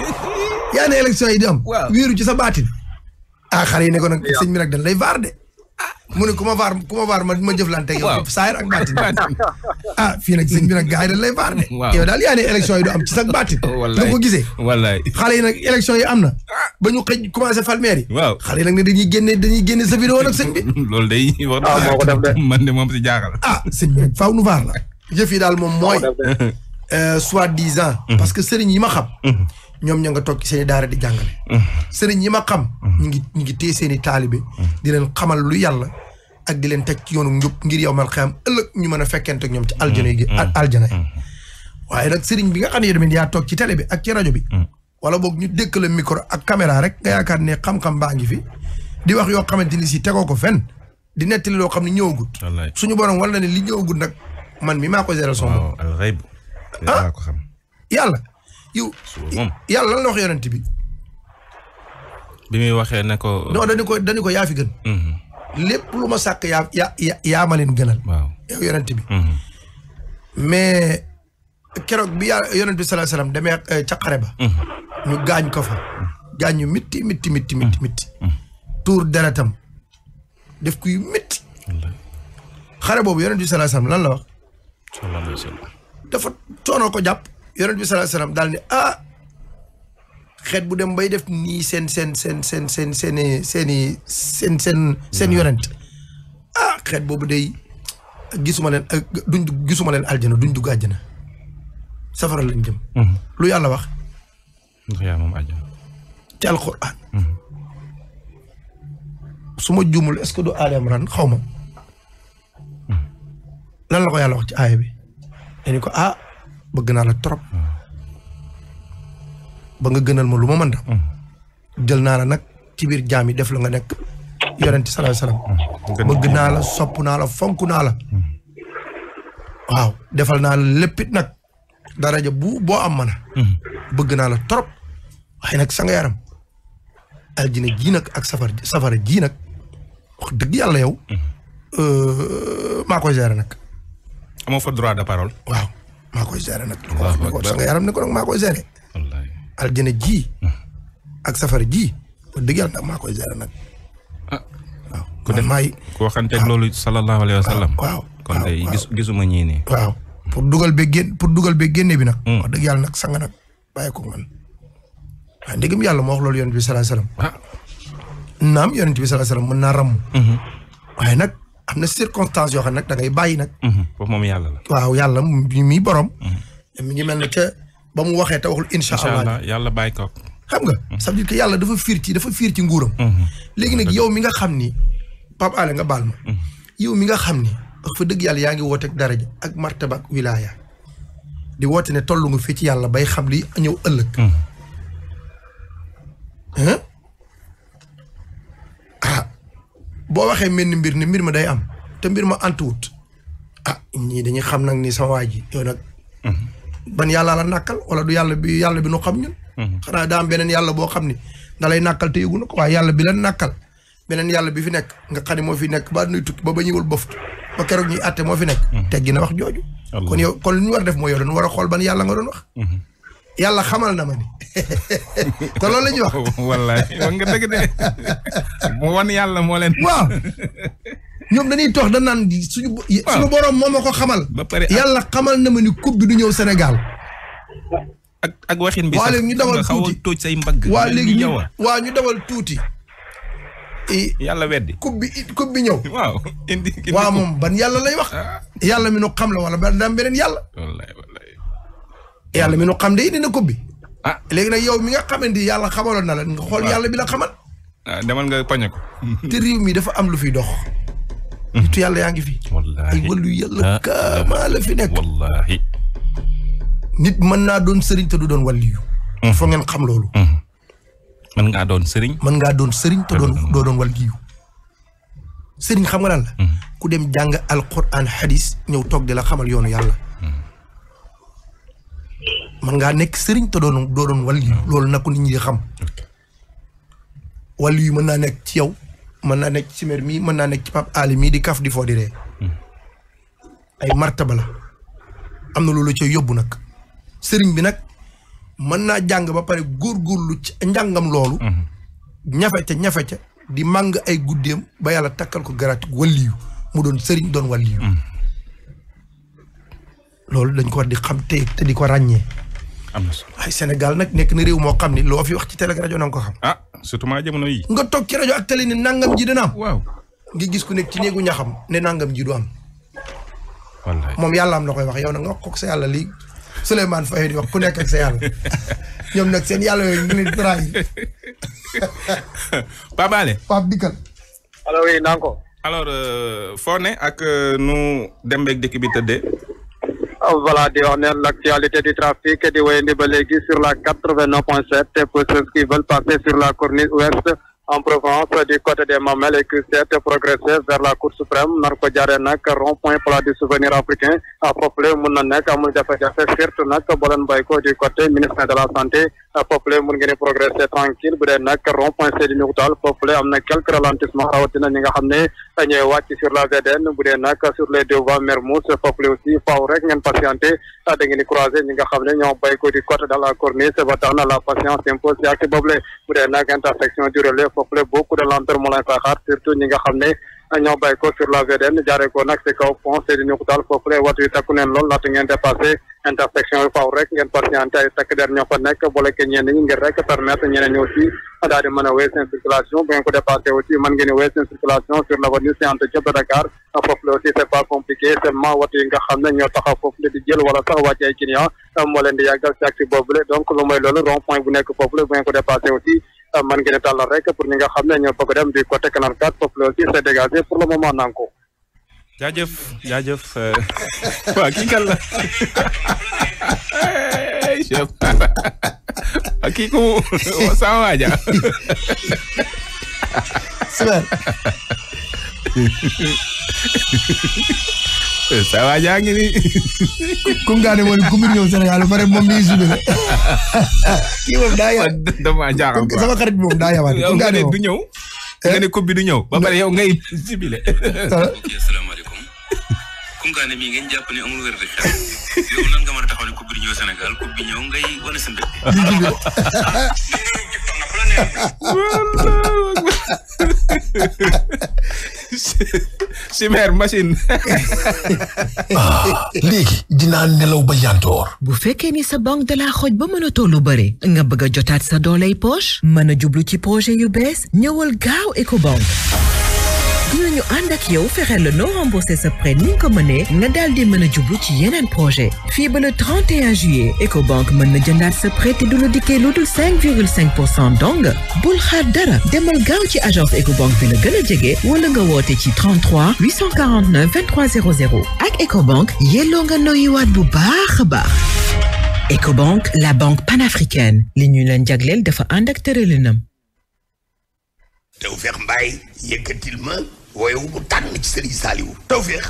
Speaker 1: yaa ne élection yi di am. waaw wéeru ci sa baatin. ah xale yi ne ko nag sëñ bi nag dañ lay vaar de. mu ne ku ma vaar ku ma vaar ma ma jëflante yow saayir ak baatin ah fii nag sëñ bi nag gars yi dañ lay vaar de yow daal ne élection yi du am ci sax baatin la ko xale yi nag élection yi am na ah. ba ñu xëj commencé fal waaw xale yi nag ne dañuy génne dañuy génne sa vidéo nag sëñ bi loolu day wax ah, moo ko def de man de moom si jaaxal ah sëñ bi nag faaw nu la yëf yi daal moom mooy euh, soi-disant mm-hmm. parce que sëriñ yi ma xam mm-hmm. ñoom ñoo nga toog ci seen daara di jàngale. Mm. sëriñ yi ma xam. Mm. ñu ngi ñu ngi téye seen i taalibe. Mm. di leen xamal lu yàlla. ak di leen teg ci yoonu njub ngir yow mal xiyam ëllëg ñu mën a fekkente ak ñoom ci aljana yi aljana yi waaye nag sëriñ bi nga xam ne yow tamit yaa toog ci télé bi ak ci rajo bi wala boog ñu dëkk la micro ak caméra rek nga yaakaar ne xam-xam baa ngi fi di wax yoo xamante ni si tegoo ko fen di nettali loo xam ne ñëwagut suñu borom wala ne li ñëwagut nag man mi maa ko gérer son
Speaker 2: bopp
Speaker 1: yow yàlla lan la wax yonent bi.
Speaker 2: bi muy waxee ne ko. non
Speaker 1: dañu ko dañu ko yaa fi gën. Mhm. lépp lu ma sàkk yaa ya ya yaa ma leen gënal. waaw yow bi. Mhm. mais keroog bi yàlla yonent bi sallallahu alayhi wasallam demee eh, ca xare ba. Mhm. ñu gaañ ko fa. gaañ ñu mitti mitti mitti mitti mitti. tuur deretam def kuy mitti. xare boobu yonent bi sallallahu alayhi wasallam
Speaker 4: lan la wax.
Speaker 1: dafa coono ko jàpp. yonent bi sallallahu alayhi daal ne ah xeet bu dem bay def nii seen seen seen seen seen seeni seeni seen seen seen hmm. yonent ah, xeet boobu day gisuma leen duñ gisuma leen aljana duñ dugg àjjana safara lañ jëm hmm. luy yàlla wax
Speaker 2: ndax yaa moom àjjana
Speaker 1: ci alquran hmm. su du Aali Imran xaw lan la ko yàlla wax ci aaya bi dañu ko ah bëgg naa la trop ah. ba nga gënal ma lu ma mën da hmm. naa la nag ci biir jaam yi def la nga nekk yonent salaay salaam hmm. bëgg naa la sopp naa la fonk naa la hmm. waaw defal naa la léppit nag daraja bu boo am mana bëgg naa la trop waaye nag sa nga yaram aljina jii nag ak safar safara jii nag wax dëgg yàlla yow euh, maa ko gérer nag
Speaker 2: amoo fa droit parole
Speaker 1: maa koy gérer nag. waaw waaw waaw sanga yaram ne ko nag ji. Hmm. ak safara ji. wax dëgg yàlla nag maa koy gérer nag. ah waaw ku dem maay.
Speaker 2: ku waxanteeg wa sallam. waaw kon tey gisuma ñii
Speaker 1: pour dugal be génn bi nag. Hmm. dëgg yàlla nag sanga nag bàyyi ko man. waaw ndegam yàlla moo wax loolu yonent bi sallallahu alayhi wa sallam. Ah. naam yonent bi sallallahu alayhi wa sallam mën naa ràmm. Hmm. xam na circonstance yoo xam nag dangay bàyyi nag. Mhm. foofu moom yàlla la. waaw yàlla mii borom. Mhm. mi ngi mel na ca ba mu waxee te waxul incha allah yàlla bàyyi ko. xam nga mhm. ça veut yàlla dafa fiir ci dafa fiir ci nguuram. léegi nag yow mi nga xam ni Pape Alé nga baal ma. yow mi nga xam ni wax fa dëgg yàlla yaa ngi wooteeg daraja ak martaba ak wilaya di woote ne tollu nga fii ci yàlla bay xam li ñëw ëllëg. boo waxee mel ni mbir ne mbir ma day am te mbir ma antuwut ah ñii dañuy xam nag ni sama waa ji yow nag. Mhm. ban yàlla la nàkkal wala du yàlla bi yàlla bi nu xam ñun. Mhm. xanaa daa am beneen yàlla boo xam ni da lay nàkkal te yëgu na ko waaye yàlla bi la nàkkal beneen yàlla bi fi nekk nga xam ne moo fi nekk ba nuy tukki ba ba ñëwul boftu ba keroog ñuy àtte moo fi nekk. Mhm. gin a wax jooju. kon yow kon li war def mooy yow dañu war a xool ban yàlla nga doon wax. yàlla xamal na ma ni te la ñuy wax.
Speaker 2: wallaahi wax nga dëgg de
Speaker 1: mu wan yàlla moo leen. waaw dañuy toog da naan suñu. suñu borom moo ma ko xamal. ba pare yàlla xamal na ma ni coupe bi ñëw Sénégal.
Speaker 2: ak waxin bi. waa léegi ñu dawal tuuti tooj say mbagg. waa léegi ñu
Speaker 1: waa ñu dawal tuuti. yàlla weddi coupe bi coupe bi ñëw. waaw indi waaw moom ban yàlla lay wax. Ah. yàlla mi nu xam la wala ba daan beneen yàlla. yàlla mi nu xam de dina ko bi ah léegi nag yow mi nga xamante yàlla xamaloon na la nga xool yàlla bi la xamal.
Speaker 2: Ah, demal nga pañe ko.
Speaker 1: te réew mi dafa am lu fiy dox. Hmm. nitu yàlla yaa ngi fi. wallaahi ay
Speaker 2: wàllu yàlla ah. kaamaa la fi nekk.
Speaker 1: nit mën naa doon sëriñ te du doon wàlliyu. Hmm. foo ngeen xam loolu. Hmm.
Speaker 2: mën ngaa doon sëriñ.
Speaker 1: mën ngaa doon sëriñ te doon doo doon xam nga lan la. ku dem jàng alquran hadis ñëw toog di la xamal yoonu yàlla. man ngaa nekk sëriñ te doo doon doon wàll loolu nag nit ñi di xam wàll yi mën naa nekk ci yow mën naa nekk ci mère mii mën naa nekk ci Pape Ali mii di kaf di foo di ree hmm. ay martaba la am na loolu ci yóbbu nag sëriñ bi nag mën naa jàng ba pare góorgóorlu ci njàngam loolu hmm. ñafe ca di màng ay guddeem ba yàlla takkal ko garaati wàlliyu mu doon sëriñ doon wàlliyu hmm. loolu dañ ko war di xam te di ko ràññee am ay Sénégal nag nekk na réew moo xam ni loo fi wax ci télé rajo na ko xam.
Speaker 2: ah surtout maa jamono yi.
Speaker 1: nga toog ci rajo ak télé ni nangam ji dina am. gis ku nekk ci néegu ñaxam ne nangam ji du am. moom yàlla am la koy wax yow nag nga wax ko sa yàlla lii Souleymane Faye di wax ku nekk ak sa yàlla ñoom nag seen yàlla yooyu ñu ngi leen trahi. Pape Alé.
Speaker 5: alors oui ko. alors ne ak euh, nu Dembeeg dëkk bi tëddee. voilà di wax ne l' actualité du trafic di wéyandi ba sur la quatre-vingt-neuf point sept pour ceux qui veulent passer sur la corniche ouest en provenance du côté des Mamelles et Q7 progresser vers la Cour suprême nar ko jaaree nag rond-point Place du Souvenir africain à foofu la mun na nekk amul jafe-jafe surtout nag boo leen du côté ministère de la santé. Euh, foofule mun ngeen di progresser tranquille bu dee nag rond point Seydi Nourou am na quelques ralentissements rawatina ñi nga ne ñooy wàcc sur la VDN bu dee sur les deux voies Mermoz foofule aussi faaw rek ngeen patienté ah, da ngeen di croiser ñi nga xam ne ñoo béy ko di la corniche ba tax na la patience s'impose intersection du relais foofule beaucoup de lenteur moo lay surtout ñi nga sur la VDN jaaree ko nag kaw pont Seydi Nourou intersection bi faaw rek ngeen patienté ay takk der ñoo fa nekk bloqué ñenn ñi ngir rek permettre ñeneen ñi aussi daal di mën circulation bu ko dépassé aussi aussi c'est pas compliqué seulement watu donc loolu rond point bu nekk foofu aussi mën ngeen di rek pour ñi nga xam ne aussi c'est dégagé pour le moment nanko
Speaker 2: jaajëf jaajëf euh, waaw kii kan la kii ku sama waaja
Speaker 1: woon ku mu ñëw Sénégal moom mi subi
Speaker 2: kii moom daa yawa. damaa jaaxal quoi
Speaker 1: xarit moom daa yawaate. du ñëw.
Speaker 2: Eh? nga ne bi du ñëw. ba pare yow ngay subi la. Koungheul mii ngeen jàpp ne amul wér nga mën a taxaw ne coupe bi ñëw Sénégal coupe bi ñëw ngay wane sa
Speaker 6: si mère machine. ah dinaa nelaw ba yantoor. bu fekkee ni sa banque de la xooj ba mën a toll lu bëri nga bëgg a jotaat sa dooley poche mën a jublu ci projet yu bees ñëwal gaaw Ecobank. ñooñu ànd ak yow fexeel la noo remboursé sa prêt ni nga de mënee nga mën a jublu ci yeneen projet fii ba le 31 juillet Ecobank mën na jëndaat sa prêt te du la dikkee lu dul 5,5 pour cent dong bul xaar dara demal gaaw ci agence Ecobank bi la gën a jege wala nga woote ci 33 849 23 00 ak Ecobank yelloo nga noyyiwaat bu baax a baax. Ecobank la banque panafricaine li ñu leen jagleel dafa ànd ak tëralinam. Tawfekh Mbaye yëkkatil ma wooye wu mu tànn ci Serigne Saliou Tawfekh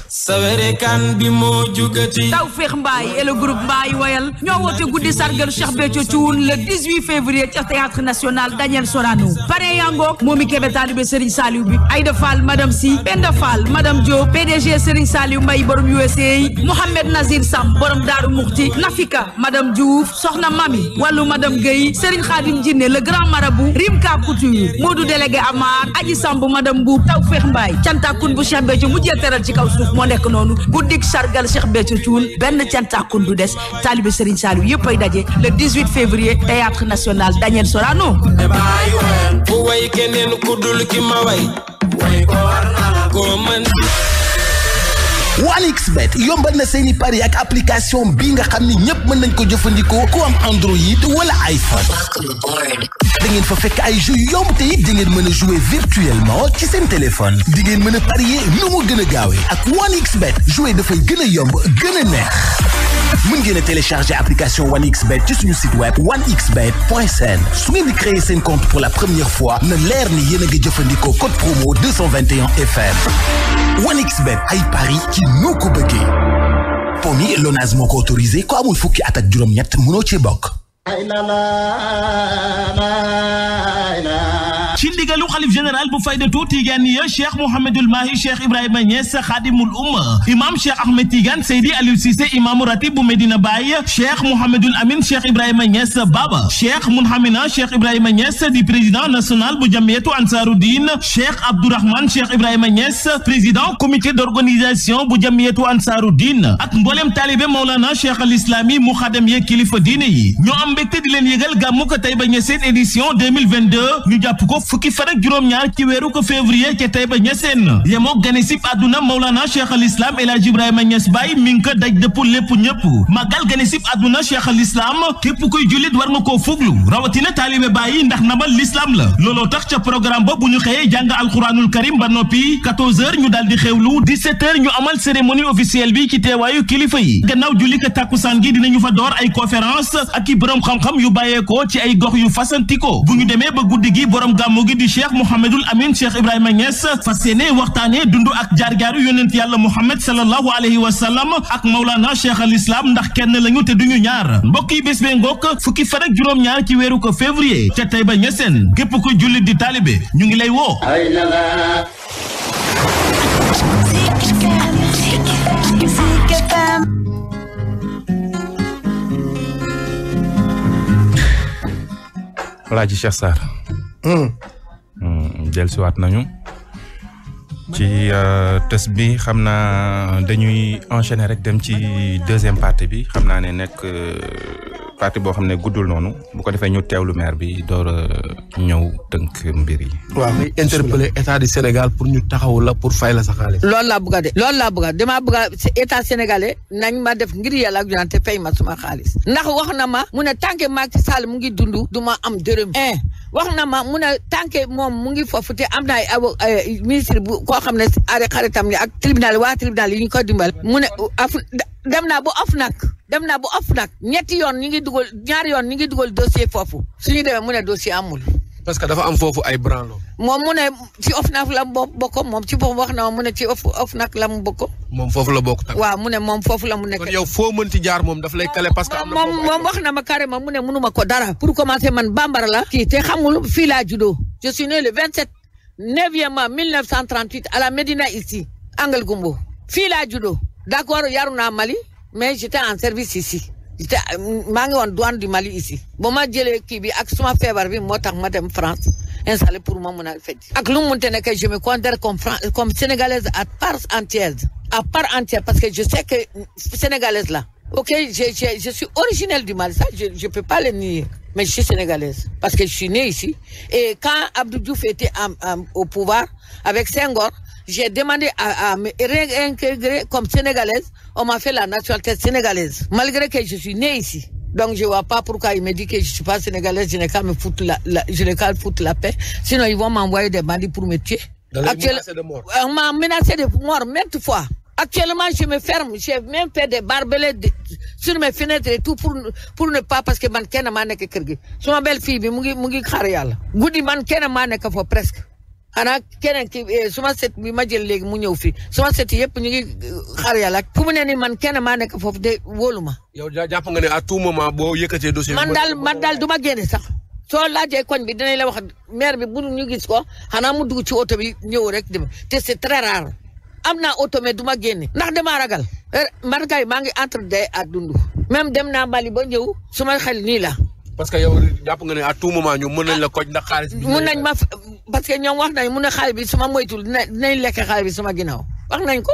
Speaker 6: bi moo jugati
Speaker 3: Tawfekh Mbaye et le groupe Mbaye wayal ñoo woote guddi sargal Cheikh Béthio le février ca théâtre national Daniel Sorano pare yangook moomi kebe taalibe Serigne Saliou bi Aïda Fall madame Sy Penda Fall madame Diop PDG Serigne Saliou Mbaye borom USA Mohamed Nazir Sam borom Daaru Muxti Nafika madame Diouf soxna Mami wàllu madame Gueye Serigne Khadim Jinne le grand marabout Rimka Couture Modou délégué Amar Aji Samb Ndiaye cantakun bu Cheikh Béthio mujjee teral ci kaw suuf moo nekk noonu guddik sargal Cheikh Béthio Thioune benn cantakun du des taalibe Serigne Saliou yëpp ay daje le 18 février théâtre national Daniel Sorano
Speaker 2: way keneen ku dul ki ma way way ko war ko mën
Speaker 3: 1xBet
Speaker 6: yombal na seeni pari ak application bi nga xam ni ñépp mën nañ ko jëfandikoo ku am Android wala iPhone da ngeen fa fekk ay jeu yomb te it di ngeen mën a jouer virtuellement ci seen téléphone di ngeen mën a parier nu mu gën a gaawee ak 1xBet jouer dafay gën a yomb gën a neex mën ngeen a télécharger application 1xBet ci suñu site web 1xBet.sn su ngeen di créer seen compte pour la première fois na leer ni yéen a ngi jëfandikoo code promo 221 FM 1xBet ay pari ci noo ko bëggee pomi Lonase moo ko autorisé ko amul fukki at ak juróom-ñett mënoo na bokk ci ndigalu xalif général bu faydatu tijaaniya cheikh mouhamadul mahi cheikh ibrahima Niass xaadimul umma imam cheikh ahmed tidiane seydi aliou cissé imaamu ratib bu medina baye cheikh mouhamadul amin cheikh ibrahima Niass baba cheikh munhamina cheikh ibrahima Niass di président national bu jamiyatu ansaruddin cheikh abdourahman cheikh ibrahima Niass président comité d'organisation bu jamiyatu ansaruddin ak mbooleem taalibe maulana cheikh al islami muxadam ye kilifa diine yi ñoo di leen yëgal gàmmu ko Taïba Niassène édition 2022 ñu fukki fan ak juróom-ñaar ci weeru ko février ca Taïba Niassène yemook gane sib àdduna Mawlana Cheikh al Islam El a Ibrahima Niass Baye mi ngi ko daj dëpp lépp ñëpp màggal gane sib àdduna Cheikh al Islam képp kuy jullit war nga koo fuglu rawatina taalibe Baye ndax namal l'islam la looloo tax ca programme ba bu ñu xëyee jàng alxuraanul karim ba noppi 14h ñu daal di xewlu di h ñu amal cérémonie officielle bi ci teewaayu kilifa yi gannaaw julli ka tàkkusaan gi i borom gox yu fasantikoo bu googu gi di cheikh mouhamadul amin cheikh ibrahima Niass fas yéene waxtaane dund ak jaar-jaaru yonent yàlla mouhammad sallallahu alayhi wa sallam ak mawlaana cheikh al ndax kenn lañu te duñu ñaar mbokk yi bés bee ngokk fukki fan ak juróom-ñaar ci weeru ko février ca tey ba ñeseen képp ko jullit di taalibe ñu ngi lay woo
Speaker 3: Mm.
Speaker 2: Mm, dellusiwaat nañu ci euh, test bi xam naa dañuy enchaîner rek dem ci deuxième partie bi xam naa ne nekk. Euh, partie boo xam ne guddul noonu bu ko defee ñu teewlu maire bi door a ñëw tënk mbir yi.
Speaker 1: waaw ngay interpeller
Speaker 4: état du Sénégal pour ñu taxaw la pour fay la sa xaalis.
Speaker 3: loolu laa bëgg a de loolu laa bëgg a damaa bëgg a état sénégalais nañ ma def ngir yàlla ak yonent te fay ma suma xaalis ndax wax na ma mu ne tant que Macky mu ngi dund du ma am dërëm. Eh, wax na ma mu ne tant moom mu ngi foofu te am na ay ministre bu koo xam ne aare xaritam ni ak tribunal waa tribunal yi ñu ko dimbal mu ne dem naa ba OFNAC dem na bu OFNAC ñetti yoon ñu ngi dugal ñaari yoon ñu ngi dugal dossier foofu suñu demee mu ne dossier amul.
Speaker 4: parce que dafa am foofu ay branlo.
Speaker 3: moom mu ne ci OFNAC la mu bokk moom ci boppam wax na mu ne ci OFNAC la mu bokk. moom foofu la bokk tamit. waaw mu ne moom foofu la mu nekk. kon yow foo mënti jaar moom daf lay kale parce que. am na moom moom ma carrément mu ne mënuma ko dara. pour commencer man bambara la. te xamul fii laa juddoo. je suis né le 27 neuvième mai 1938 à la Médina ici Angal Gumbo fii laa juddoo. d'accord yaru naa Mali. mais j'étais en service ici. j'étais maa ngi woon douane du Mali ici. ba ma jëlee kii bi ak suma feebar bi moo tax ma dem France installé pour ma mun a fekk. ak lu mu munti nekk je me considère comme Fran comme sénégalaise à part entière à part entière parce que je sais que sénégalaise là. ok je je je suis originelle du Mali ça je peux pas le mais je suis sénégalaise parce que je suis née ici et quand Abdou Diouf était au pouvoir avec Senghor je demandé à, à, comme sénégalaise. On m'a fait la nationalité sénégalaise, malgré que je suis née ici. Donc je vois pas pourquoi il me dit que je suis pas sénégalaise, je n'ai qu'à me foutre la, la je n'ai qu'à foutre la paix. Sinon ils vont pour euh, m'a menacé de mort maintes fois. Actuellement, je me ferme. J'ai même fait et tout pour, ne pas, parce que man kena mané que kirgi. Suma belle fille, mugi, mugi khariyal. Goudi man kena mané que faut presque. xanaa keneen ki eh, suma set bi ma jël léegi mu ñëw fii suma set yëpp ñu ngi eh, xaar yàlla ak fu mu ne nii man kenn maa nekk foofu de wóolu ma.
Speaker 4: yow jàpp nga ne à tout moment boo yëkkatee dossier man daal man daal
Speaker 3: duma ma génne sax soo laajee koñ bi dinañ la wax maire bi bu ñu gis ko xanaa mu dugg ci oto bi ñëw rek dem te c'est très rare am naa oto mais du ma génne ndax damaa ragal. Eh, mbarkay maa ngi entre day ak dund même dem naa Mali bo ñëw suma xel nii la.
Speaker 4: parce que yow jàpp nga ne tout moment ñu mën nañ la koj ndax xaalis bi. mun nañ
Speaker 3: ma parce que ñoom wax nañ mun na xaalis bi suma moytul dina dinañ lekk xaalis bi suma ginnaaw wax nañ ko.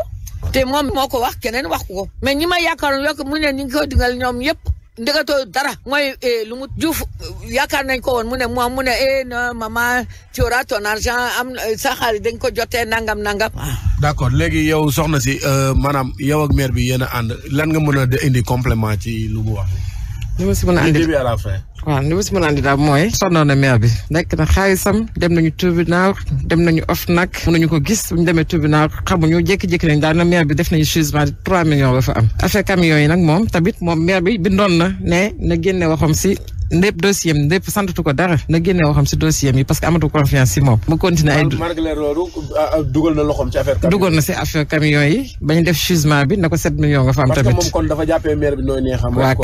Speaker 3: te moom moo ko wax keneen wax ko. mais ñi ma yaakaaroon yokk mu ne ñu ngi ko digal ñoom yëpp. ndeketoo dara mooy eh, lu mu juuf yaakaar nañ ko woon mu ne moom mu ne eh non maman tu auras ton argent am eh, sa xaalis dañ ko jotee nangam nangam. Ah.
Speaker 4: d' accord léegi yow soxna si euh, maanaam yow ak mère bi yéen a ànd lan nga mën a indi complément ci lu mu wax. li ma si mën a indi à la waaw li na maire bi. nekk na xaalisam dem nañu tribunal dem
Speaker 2: nañu OFNAC. mënuñu ko gis bu ñu demee tribunal xamuñu jékki-jékki nañ daal na maire bi def nañu jugement trois millions la fa am. affaire camions yi nag moom tamit moom maire bi bindoon ko dara na génne waxam si dossier yi si moom. mu continué ay na loxoom ci affaire. dugal na si nga
Speaker 4: fa am. tamit parce moom kon dafa jàppee maire bi nooy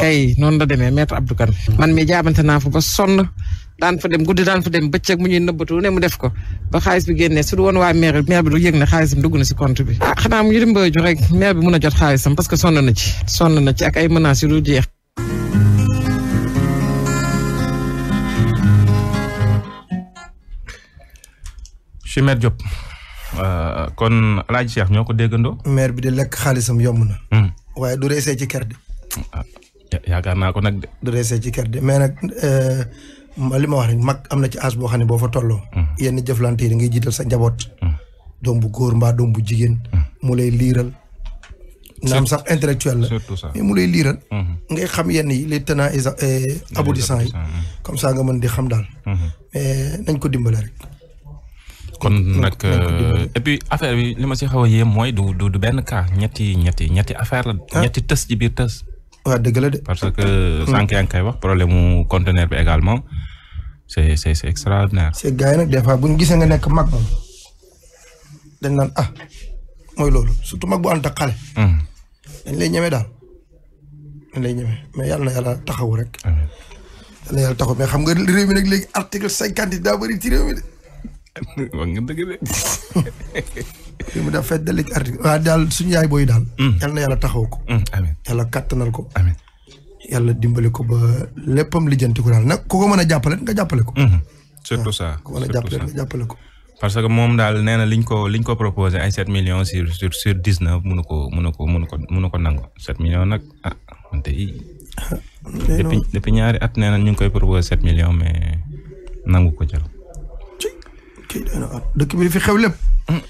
Speaker 4: kay
Speaker 2: noonu la demee maître Abdou hmm. man mi jaabante naa fa ba sonn daan fa dem guddi daan fa dem bëccëg mu ne mu def ko ba xaalis bi génnee su du woon waa maire maire bi du yëg ne xaalisam si compte bi. ah xanaa mu bi mun a jot xaalisam parce que sonn na ci sonn na ci ak ay menaces si dul jeex. Chimère Diop euh, kon El Hadj Cheikh ñoo ko déggandoo.
Speaker 1: maire bi de lekk xaalisam yomb na. Hmm. waaye du reesee ci de.
Speaker 2: yaakaar naa ko nag de.
Speaker 1: dressé ci kër de mais nag euh, li ma wax rek mag am na ci âge boo xam ne boo fa tolloo. Hmm. yenn jëflante yi da ngay jiital sa njaboot. Hmm. doom bu góor mbaa doom bu jigéen. Hmm. mu lay liiral. naam sax intellectuel la mais mu lay ngay xam yenn yi les tenants et euh, aboutissants yi. comme sax nga mën di xam daal. mais nañ ko dimbale rek.
Speaker 2: kon nag euh, et puis affaire bi li ma si xaw a yéem mooy du du benn cas ñetti ñetti ñetti affaire la. Ah. ñetti tës ci biir tës. waa dëgg la de. parce que sànq yaa koy wax problème mu conteneur bi également c' est est c' extraordinaire. c'
Speaker 1: est gars des fois bu ñu gisee nga nekk mag moom dañ naan ah mooy loolu surtout mag bu ànd ak xale. Hmm. dañ lay ñeme daal dañ lay ñeme mais yàlla na yàlla taxawu rek. amiin yàlla na yàlla taxawu mais xam nga réew mi nag léegi article cinquante daa bëri ci mi de. mu def fête de l'artiste waaw daal suñu yaay booy mm. ko. Mm, amiin yàlla dimbali ko ba léppam lijjanti ko daal nag ku mën a jàppale nga jàppale ko. Mm-hmm.
Speaker 2: surtout ça ku mën a jàppale nga ko. parce que moom daal nee na liñ ko liñ ko proposé ay sept millions sur sur sur dix neuf mënu ko mënu ko mënu ko mënu ko nangu sept millions nag ah man tey. Ah, depuis depuis ñaari at nee ñu ngi koy proposé sept millions mais nangu ko jël.
Speaker 1: kii dëkk bi fi xew lépp. Mm.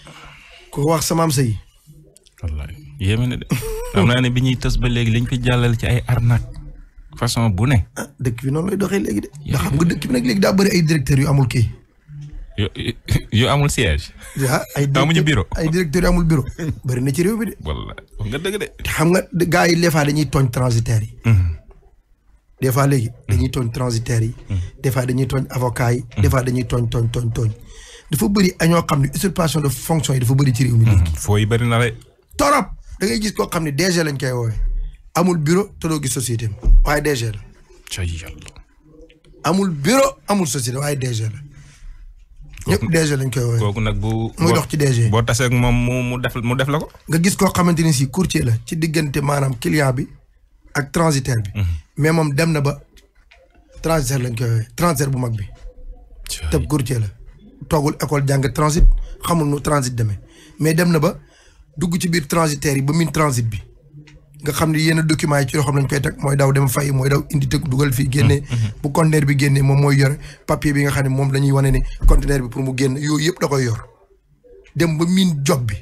Speaker 1: ku wax sa maam sëy.
Speaker 2: wallaay yéeme na de. xam naa ne bi ñuy tës ba léegi liñ fi jàllale ci ay arnaque façon bu ne. Ah, dëkk bi noonu lay doxee
Speaker 1: léegi de. ndax xam nga dëkk bi nag léegi daa bëri ay directeurs yu amul kii.
Speaker 2: yu yu amul siège.
Speaker 1: ah ay amuñu bureau ay directeurs amul bureau. bëri na ci réew bi de. wallaay nga dëgg de. xam nga gars yi des fois dañuy tooñ transitaires yi. Mm-hmm. des fois léegi. Mm-hmm. dañuy tooñ transitaires yi. Mm-hmm. des fois dañuy tooñ avocats yi. des fois dañuy tooñ tooñ tooñ tooñ. dafa bëri a ñoo xam ne usurpation de fonction dafa bëri ci réew mi léegi. Mm-hmm. bëri na rek. torop da ngay gis koo xam ne DG lañ koy wooye amul bureau te doo gis société am waaye DG la. ca amul bureau amul société waaye DG la. ñëpp DG lañ koy woowee. kooku nag bu mu dox ci DG. boo tasee moom mu mu def mu def la ko. nga gis koo xamante ni si courtier la ci diggante maanaam client bi ak transitaire bi. Mm-hmm. mais moom dem na ba transitaire lañ koy woowee transitaire bu mag bi. te courtier la. toogul école jàng transit xamul nu transit demee mais dem na ba dugg ci biir transitaire yi ba min transit bi nga xam ne yenn documents yi ci loxoom lañ koy teg mooy daw dem fay mooy daw indi tëg dugal fii génnee mm-hmm. mm-hmm. bu conteneur bi génnee moom mooy yore papier bi nga xam ne moom la ñuy wane ne conteneur bi pour mu génn yooyu yëpp da koy yor dem ba miin job bi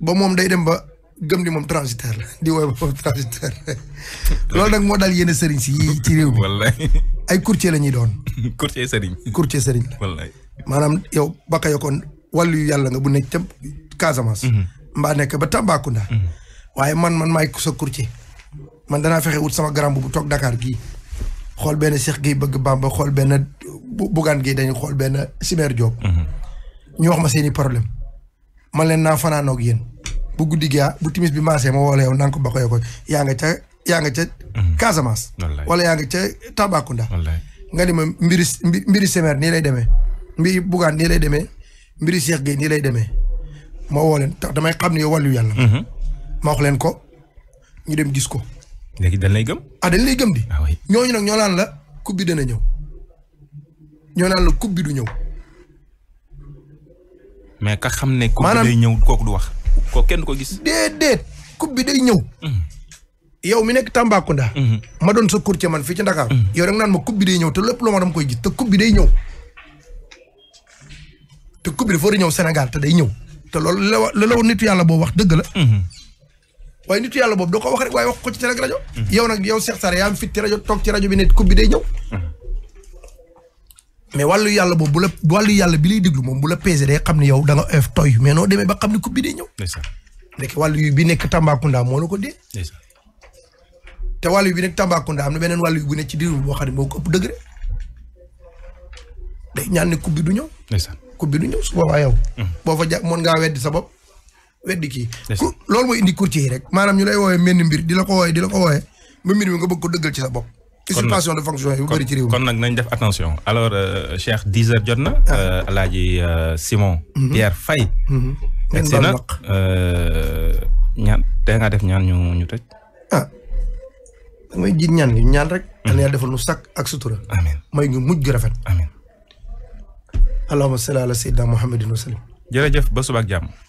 Speaker 1: ba moom day dem ba gëm ni moom transitaire la di woy moom transitaire loolu nag moo daal yenn sëriñ si yi ci réew mi wallaay ay courtier la ñuy doon. courtier sëriñ. courtier sëriñ la maanaam yow baka yokoon wàllu yàlla nga bu nekk ca Casamance. Mhm. mbaa nekk ba Tambacounda. Mhm. waaye man man maay sa courtier. man danaa fexe wut sama garam bu bu toog dakaar gii xool benn Cheikh gi bëgg ba xool benn Bougane gi dañu xool benn Simer Diop. Mhm. ñu wax ma seeni problème man leen naa fanaanoog yéen. bu guddi gi ah, bu timis bi maasee ma woo la yow naan ko ba ko yow yaa nga ca yaa nga ca. Mhm. Casamance. wala yaa nga ca Tambacounda. nga ni ma mbiri mbiri Semer nii lay demee mbiri Bougane nii lay demee mbiri Cheikh Gueye nii lay demee ma woo leen tax damay xam ne yow wàllu yàlla. Mhm. ma wax leen ko ñu dem gis ko. léegi dañ lay gëm. ah dañ lay gëm di. Ah, ñooñu nag ñoo naan la coupe bi dana ñëw ñoo naan la coupe bi ñëw.
Speaker 2: mais ka xam ne. coupe bi day ñëw kooku du wax. ko kenn du ko gis.
Speaker 1: déedéet coupe bi day ñëw. Mm-hmm. yow mi nekk Tambacounda. Mm-hmm. ma doon sa courtier man fii ci Dakar. Mm-hmm. yow rek nga naan ma coupe bi day ñëw te lépp loo ma dama koy gis te bi day ñëw. te coupe bi dafa war ñëw Sénégal te day ñëw te loolu la la la nitu yàlla boobu wax dëgg la. waaye nitu yàlla boobu doo ko wax rek waaye wax ko ci télé rajo. yow nag yow Cheikh Sarr yaa am fit ci rajo toog ci rajo bi ne coupe bi day ñëw. mais wàllu yàlla boobu bu la yàlla bi lay déglu moom bu la pesé day xam ne yow da nga oyof tooy mais noo demee ba xam ne coupe bi day ñëw. ndeke wàllu bi nekk Tambacounda moo la ko dee. te wàllu bi nekk Tambacounda am na beneen wàllu bu nekk ci diiru boo xam ne moo ko ëpp degré day ñaan ne coupe bi du ñëw. coupe bi du ñëw su boobaa yow. Mm-hmm. boo fa ja mën ngaa weddi sa bopp weddi kii. loolu mooy indi courtier yi rek maanaam ñu lay woowee menn mbir di la ko woowee di la ko woowee ba mbir mi nga bëgg ko dëggal ci sa bopp. usurpation de fonction yi bu bëri ci réew
Speaker 2: kon nag nañ def attention alors euh, Cheikh dix jot na. a ah. euh, alaaji euh, Simon. Mhm. Pierre Faye.
Speaker 1: Mhm. egsi na
Speaker 2: ñaan def ñaan ñu ñu tëj.
Speaker 1: ah jiit ñaan ñu ñaan rek. yàlla mhm. yàlla defal nu sakk ak sutura. amiin may ñu mujj gu rafet. amiin. allahumma salli ala sayyidina muhammadin wa
Speaker 2: jërëjëf ba suba ak jàmm.